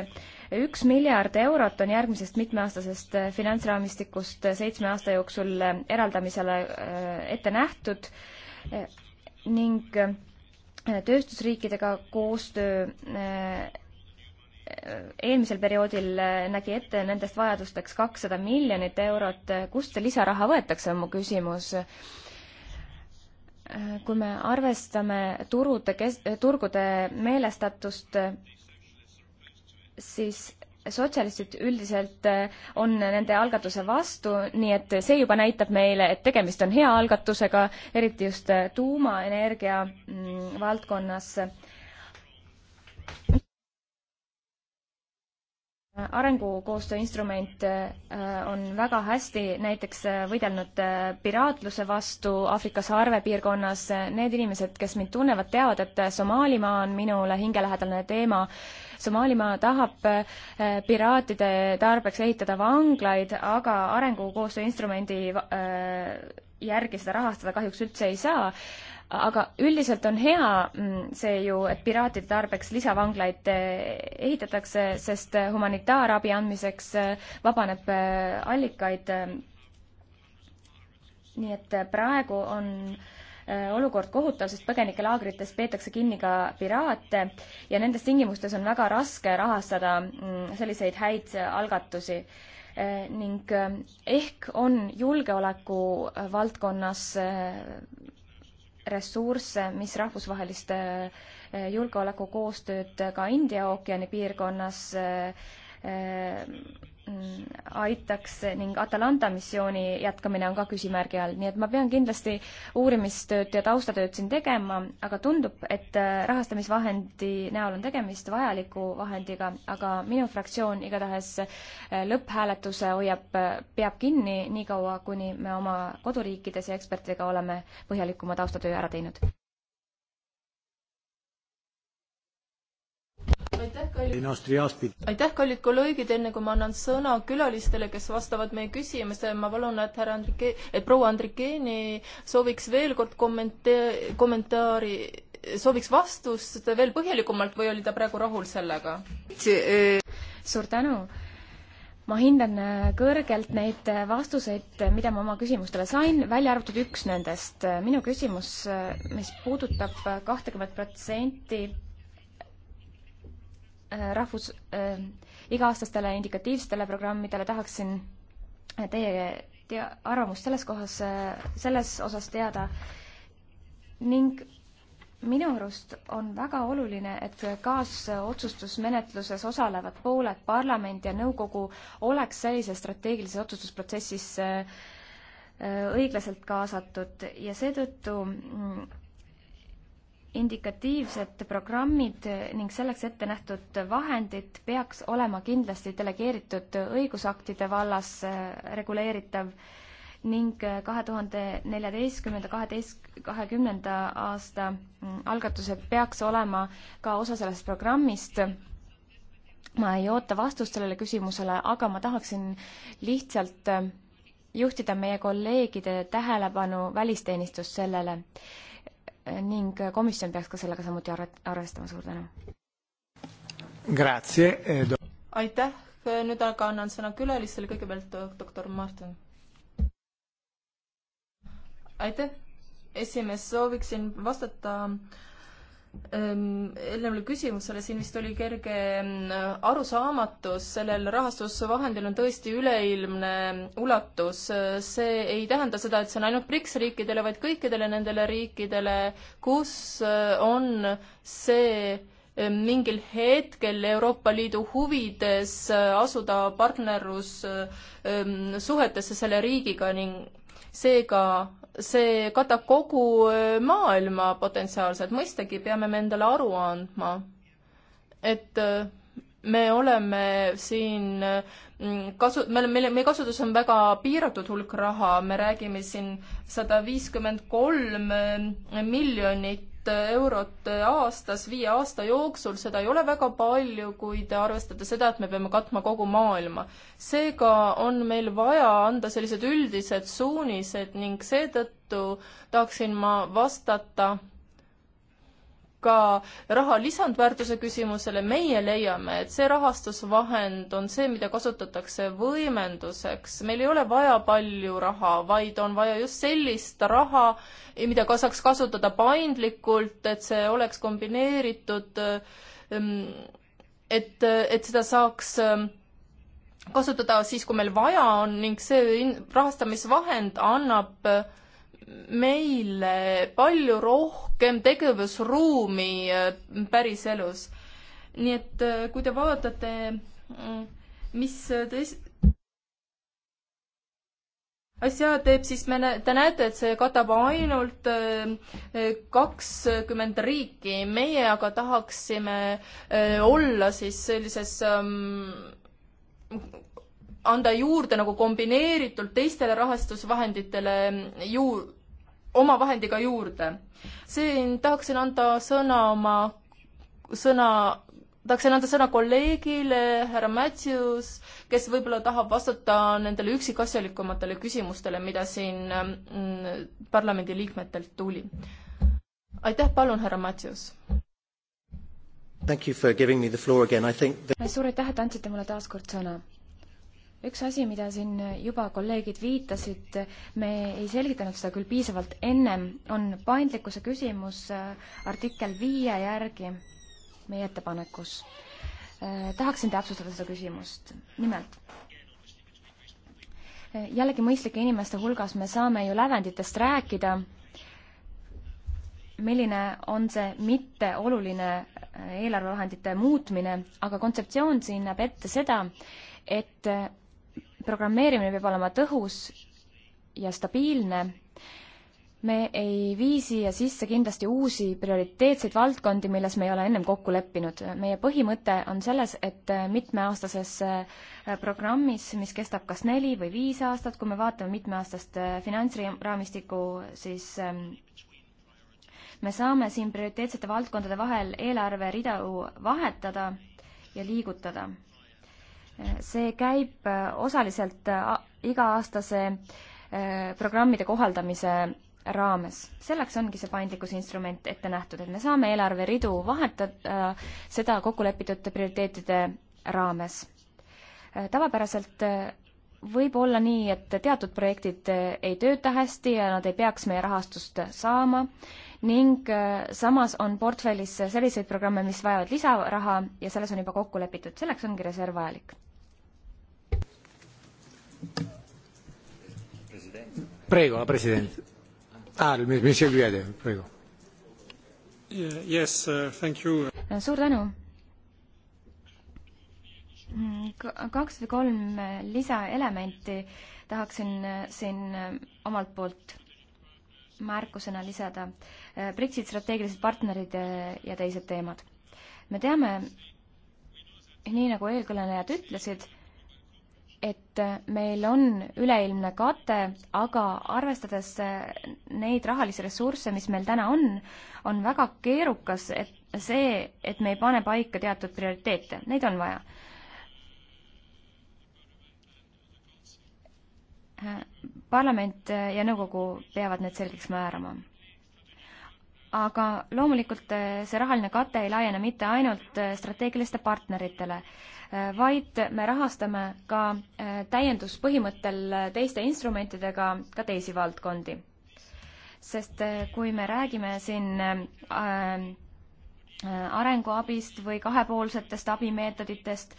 üks miljard eurot on järgmisest mitmeaastasest äh, finantsraamistikust seitsme aasta jooksul äh, eraldamisele äh, ette nähtud ning tööstusriikidega koostöö eelmisel perioodil nägi ette nendest vajadusteks kakssada miljonit eurot, kust see lisaraha võetakse, on mu küsimus kui me arvestame turude, turgude meelestatust, siis sotsialistid üldiselt on nende algatuse vastu, nii et see juba näitab meile, et tegemist on hea algatusega, eriti just tuumaenergia mm, valdkonnas arengukoostöö instrument äh, on väga hästi näiteks äh, võidelnud äh, piraatluse vastu Aafrika saarve piirkonnas. Need inimesed, kes mind tunnevad, teavad, et Somaalimaa on minule hingelähedane teema. Somaalimaa tahab piraatide tarbeks ehitada vanglaid, aga arengukoostöö instrumendi järgi seda rahastada kahjuks üldse ei saa aga üldiselt on hea mm, see ju, et piraatide tarbeks lisavanglaid eh, ehitatakse, sest eh, humanitaarabi andmiseks eh, vabaneb allikaid. nii et praegu on olukord kohutav, sest põgenikelaagrites peetakse kinni ka piraate ja nendes tingimustes on väga raske rahastada mm, selliseid häid algatusi. ning ehk on julgeoleku valdkonnas ressursse, mis rahvusvahelist eh, julgeolekukoostööd ka India ookeani piirkonnas eh, eh, Mm, aitaks ning Atalanta missiooni jätkamine on ka küsimärgi all, nii et ma pean kindlasti uurimistööd ja taustatööd siin tegema, aga tundub, et äh, rahastamisvahendi näol on tegemist vajaliku vahendiga, aga minu fraktsioon igatahes äh, lõpphääletuse hoiab, äh, peab kinni niikaua, kuni me oma koduriikides ja ekspertidega oleme põhjalikuma taustatöö ära teinud. aitäh, kallid kolleegid, enne kui ma annan sõna külalistele, kes vastavad meie küsimusele, ma palun, et härra Andrike-, et proua Andrikeeni sooviks veel kord kommente-, kommentaari, sooviks vastust veel põhjalikumalt või oli ta praegu rahul sellega? suur tänu! ma hindan kõrgelt neid vastuseid, mida ma oma küsimustele sain, välja arvatud üks nendest. minu küsimus, mis puudutab kahtekümmet protsenti Äh, rahvus äh,, iga-aastastele indikatiivsetele programmidele tahaksin äh, teie tea-, arvamust selles kohas, äh, selles osas teada ning minu arust on väga oluline, et kaasotsustusmenetluses osalevad pooled, parlament ja nõukogu, oleks sellises strateegilises otsustusprotsessis õiglaselt kaasatud ja seetõttu mm, indikatiivsed programmid ning selleks ette nähtud vahendid peaks olema kindlasti delegeeritud õigusaktide vallas äh, reguleeritav ning äh, kahe tuhande neljateistkümnenda, kaheteist, kahekümnenda aasta mm, algatused peaks olema ka osa sellest programmist. ma ei oota vastust sellele küsimusele, aga ma tahaksin lihtsalt äh, juhtida meie kolleegide tähelepanu välisteenistust sellele ning komisjon peaks ka sellega samuti arvestama, suur tänu. Eh, aitäh, nüüd aga annan sõna külalistele, kõigepealt doktor Martin. aitäh, esimees, sooviksin vastata äh, Ehm, eelnevale küsimusele siin vist oli kerge ehm, arusaamatus, sellel rahastusvahendil on tõesti üleilmne ulatus. see ei tähenda seda, et see on ainult BRICS riikidele, vaid kõikidele nendele riikidele, kus eh, on see ehm, mingil hetkel Euroopa Liidu huvides eh, asuda partnerlussuhetesse selle riigiga ning seega see katab kogu äh, maailma potentsiaalselt, mõistagi peame me endale aru andma, et äh, me oleme siin äh, kasu-, me oleme, meil, meie kasutus on väga piiratud hulk raha, me räägime siin sada viiskümmend kolm miljonit miljonit eurot aastas viie aasta jooksul, seda ei ole väga palju, kuid arvestada seda, et me peame katma kogu maailma. seega on meil vaja anda sellised üldised suunised ning seetõttu tahaksin ma vastata ka raha lisandväärtuse küsimusele, meie leiame, et see rahastusvahend on see, mida kasutatakse võimenduseks. meil ei ole vaja palju raha, vaid on vaja just sellist raha, mida ka saaks kasutada paindlikult, et see oleks kombineeritud, ähm, et, et seda saaks ähm, kasutada siis, kui meil vaja on ning see rahastamisvahend annab äh, meile palju rohkem tegevusruumi äh, päriselus. nii et äh, kui te vaatate, mm, mis äh, tõs-, asja teeb, siis me nä-, te näete, et see katab ainult kakskümmend riiki, meie aga tahaksime olla siis sellises ähm, anda juurde nagu kombineeritult teistele rahastusvahenditele ju-, oma vahendiga juurde. siin tahaksin anda sõna oma, sõna, tahaksin anda sõna kolleegile, härra Matthews, kes võib-olla tahab vastata nendele üksikasjalikumatele küsimustele, mida siin mm, parlamendiliikmetelt tuli. aitäh, palun, härra Matthews! suur aitäh, et andsite mulle taas kord sõna üks asi, mida siin juba kolleegid viitasid, me ei selgitanud seda küll piisavalt ennem, on paindlikkuse küsimus äh, artikkel viie järgi meie ettepanekus. Äh, tahaksin täpsustada seda küsimust. nimelt, äh, jällegi mõistlike inimeste hulgas me saame ju lävenditest rääkida, milline on see mitteoluline eelarvevahendite muutmine, aga kontseptsioon siin näeb ette seda, et programmeerimine peab olema tõhus ja stabiilne. me ei vii siia sisse kindlasti uusi prioriteetseid valdkondi, milles me ei ole ennem kokku leppinud. meie põhimõte on selles, et mitmeaastases äh, programmis, mis kestab kas neli või viis aastat, kui me vaatame mitmeaastast äh, finantsraamistikku, siis ähm, me saame siin prioriteetsete valdkondade vahel eelarveridau vahetada ja liigutada see käib äh, osaliselt äh, iga-aastase äh, programmide kohaldamise raames. selleks ongi see paindlikkusinstrument ette nähtud, et me saame eelarveridu vahetada seda kokkulepitud prioriteetide raames. tavapäraselt võib olla nii, et teatud projektid ei tööta hästi ja nad ei peaks meie rahastust saama ning samas on portfellis selliseid programme, mis vajavad lisaraha ja selles on juba kokku lepitud, selleks ongi reserv vajalik Prego, la Presidente. Ah, Monsieur Guede, prego. Yes, uh, thank you. suur tänu. kaks või kolm lisaelementi tahaksin äh, siin äh, omalt poolt märkusena lisada. Äh, BRICS-id, strateegilised partnerid ja teised teemad. me teame, nii nagu eelkõnelejad ütlesid, et meil on üleilmne kate, aga arvestades neid rahalisi ressursse, mis meil täna on, on väga keerukas, et see, et me ei pane paika teatud prioriteete, neid on vaja. parlament ja nõukogu peavad need selgeks määrama aga loomulikult see rahaline kate ei laiene mitte ainult strateegiliste partneritele. Äh, vaid me rahastame ka äh, täienduspõhimõttel äh, teiste instrumentidega ka teisi valdkondi. sest kui me räägime siin arenguabist või kahepoolsetest abimeetoditest,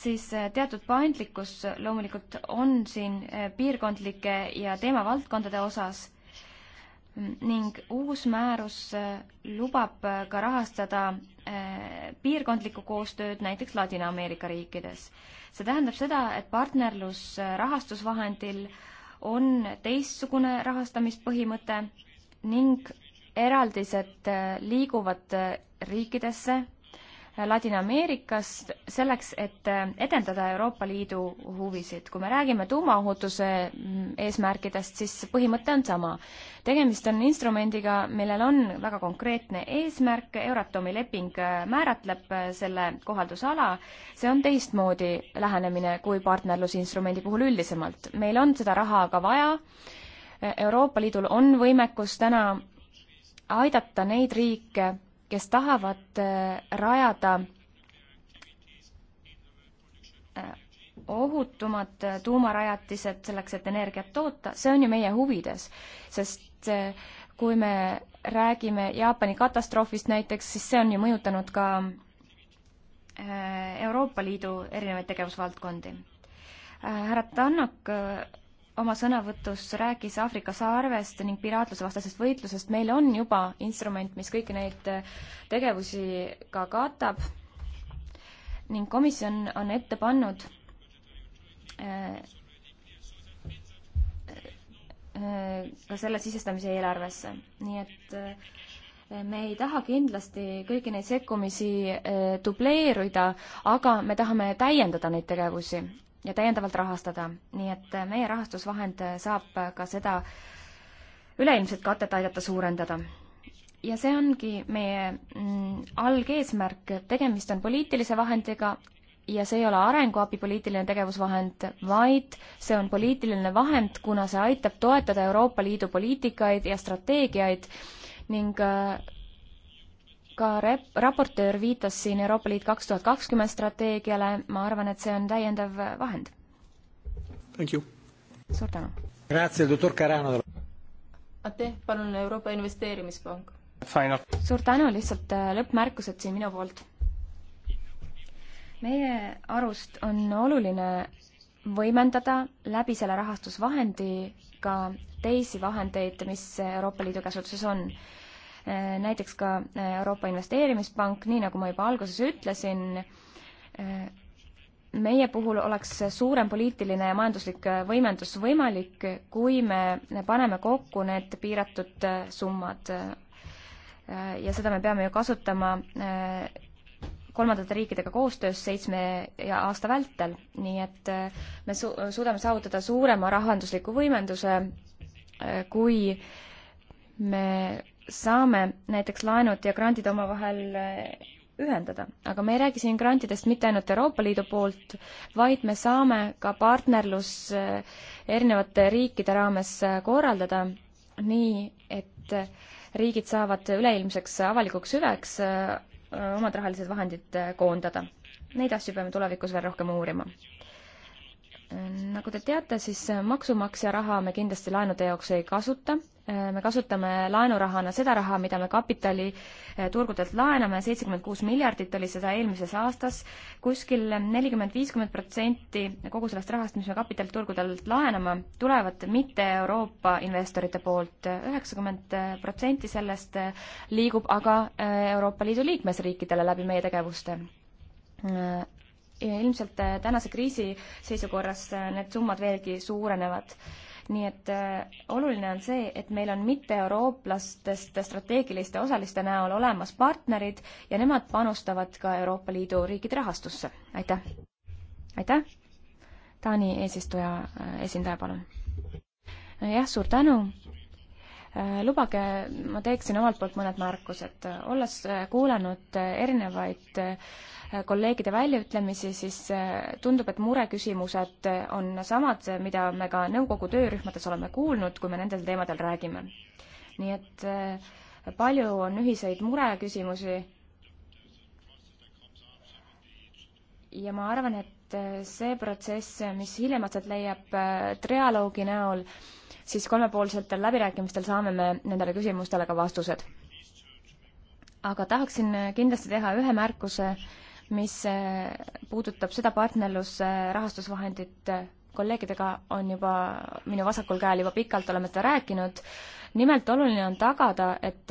siis teatud paindlikkus loomulikult on siin piirkondlike ja teemavaldkondade osas ning uus määrus äh, lubab äh, ka rahastada äh, piirkondlikku koostööd näiteks Ladina-Ameerika riikides. see tähendab seda, et partnerlus rahastusvahendil on teistsugune rahastamispõhimõte ning eraldised liiguvad riikidesse, Ladina-Ameerikast selleks, et edendada Euroopa Liidu huvisid. kui me räägime tuumaohutuse mm, eesmärkidest, siis põhimõte on sama. tegemist on instrumendiga, millel on väga konkreetne eesmärk, Euratomi leping äh, määratleb äh, selle kohaldusala, see on teistmoodi lähenemine kui partnerlusinstrumendi puhul üldisemalt. meil on seda raha aga vaja, äh, Euroopa Liidul on võimekus täna aidata neid riike, kes tahavad äh, rajada äh, ohutumad äh, tuumarajatised selleks, et energiat toota, see on ju meie huvides, sest kui me räägime Jaapani katastroofist näiteks, siis see on ju mõjutanud ka Euroopa Liidu erinevaid tegevusvaldkondi. härra Tannak oma sõnavõtus rääkis Aafrika saarvest ning piraatlusevastasest võitlusest. meil on juba instrument, mis kõiki neid äh, tegevusi ka katab ning komisjon on ette pannud äh, äh, ka selle sisestamise eelarvesse, nii et me ei taha kindlasti kõiki neid sekkumisi dubleerida, aga me tahame täiendada neid tegevusi ja täiendavalt rahastada. nii et meie rahastusvahend saab ka seda üleilmset katet aidata suurendada. ja see ongi meie mm, algeesmärk, tegemist on poliitilise vahendiga ja see ei ole arenguabi poliitiline tegevusvahend, vaid see on poliitiline vahend, kuna see aitab toetada Euroopa Liidu poliitikaid ja strateegiaid ning äh, ka rep-, raportöör viitas siin Euroopa Liit kaks tuhat kakskümmend strateegiale, ma arvan, et see on täiendav vahend. suur tänu. aitäh, palun Euroopa Investeerimispank. suur tänu, lihtsalt äh, lõppmärkused siin minu poolt. meie arust on oluline võimendada läbi selle rahastusvahendi ka teisi vahendeid, mis Euroopa Liidu käsutuses on Äh, näiteks ka äh, Euroopa Investeerimispank, nii nagu ma juba alguses ütlesin, äh, meie puhul oleks suurem poliitiline ja majanduslik võimendus võimalik, kui me paneme kokku need piiratud summad. ja seda me peame ju kasutama kolmandate riikidega koostöös seitsme aasta vältel, nii et me su-, suudame saavutada suurema rahandusliku võimenduse, kui me saame näiteks laenud ja grandid omavahel eh, ühendada, aga me ei räägi siin grantidest mitte ainult Euroopa Liidu poolt, vaid me saame ka partnerlus eh, erinevate riikide raames eh, korraldada nii, et riigid saavad üleilmseks avalikuks hüveks omad rahalised vahendid koondada. Neid asju peame tulevikus veel rohkem uurima nagu te teate, siis maksumaksja raha me kindlasti laenude jaoks ei kasuta. me kasutame laenurahana seda raha, mida me kapitaliturgudelt eh, laename, seitsekümmend kuus miljardit oli seda eelmises aastas kuskil. kuskil nelikümmend, viiskümmend protsenti kogu sellest rahast, mis me kapitaliturgudelt laename, tulevad mitte Euroopa investorite poolt. üheksakümmend protsenti sellest eh, liigub aga eh, Euroopa Liidu liikmesriikidele läbi meie tegevuste ilmselt äh, tänase kriisi seisukorras äh, need summad veelgi suurenevad nii et äh, oluline on see, et meil on mitte-eurooplastest strateegiliste osaliste näol olemas partnerid ja nemad panustavad ka Euroopa Liidu riikide rahastusse. aitäh! aitäh! Taani eesistuja äh, esindaja, palun! jah, suur tänu äh,! lubage, ma teeksin omalt poolt mõned märkused. olles äh, kuulanud erinevaid äh, kolleegide väljaütlemisi, siis äh, tundub, et mureküsimused äh, on samad, äh, mida me ka nõukogu töörühmades oleme kuulnud, kui me nendel teemadel räägime. nii et palju on ühiseid mureküsimusi. ja ma arvan, et see protsess, mis hiljem aset leiab trialoogi näol, siis kolmepoolsetel läbirääkimistel saame me nendele küsimustele ka vastused. aga tahaksin kindlasti teha ühe märkuse äh, mis äh, puudutab seda partnerluse äh, rahastusvahendit äh, kolleegidega on juba minu vasakul käel juba pikalt oleme seda rääkinud. nimelt oluline on tagada, et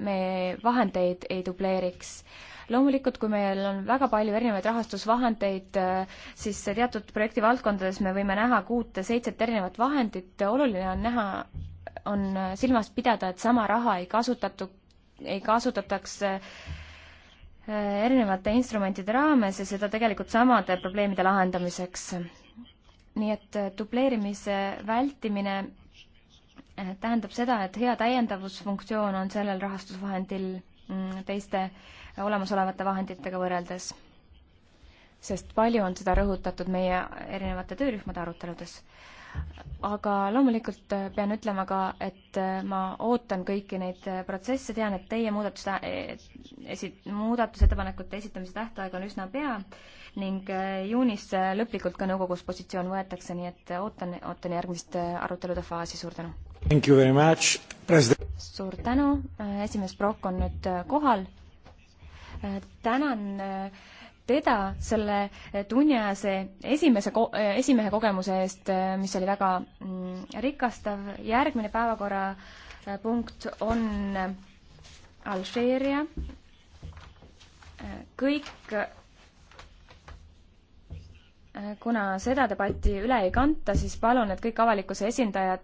me vahendeid ei dubleeriks. loomulikult, kui meil on väga palju erinevaid rahastusvahendeid, siis teatud projektivaldkondades me võime näha kuute-seitset erinevat vahendit, oluline on näha, on silmas pidada, et sama raha ei kasutatu, ei kasutataks äh, Äh, erinevate instrumentide raames ja seda tegelikult samade probleemide lahendamiseks. nii et äh, dubleerimise vältimine äh, tähendab seda, et hea täiendavusfunktsioon on sellel rahastusvahendil mm, teiste olemasolevate vahenditega võrreldes. sest palju on seda rõhutatud meie erinevate töörühmade aruteludes aga loomulikult äh, pean ütlema ka, et äh, ma ootan kõiki neid äh, protsesse, tean, et teie muudatuste esi-, muudatusettepanekute esitamise tähtaeg on üsna pea ning juunis lõplikult ka nõukogus positsioon võetakse, nii et ootan, ootan järgmist arutelude faasi, suur tänu! suur tänu, esimees Prokk on nüüd kohal, tänan äh, teda selle tunniajase esimese ko-, esimehe kogemuse eest, mis oli väga mm, rikastav. järgmine päevakorrapunkt äh, on äh, Alžeeria. Äh, kõik, kuna seda debatti üle ei kanta, siis palun, et kõik avalikkuse esindajad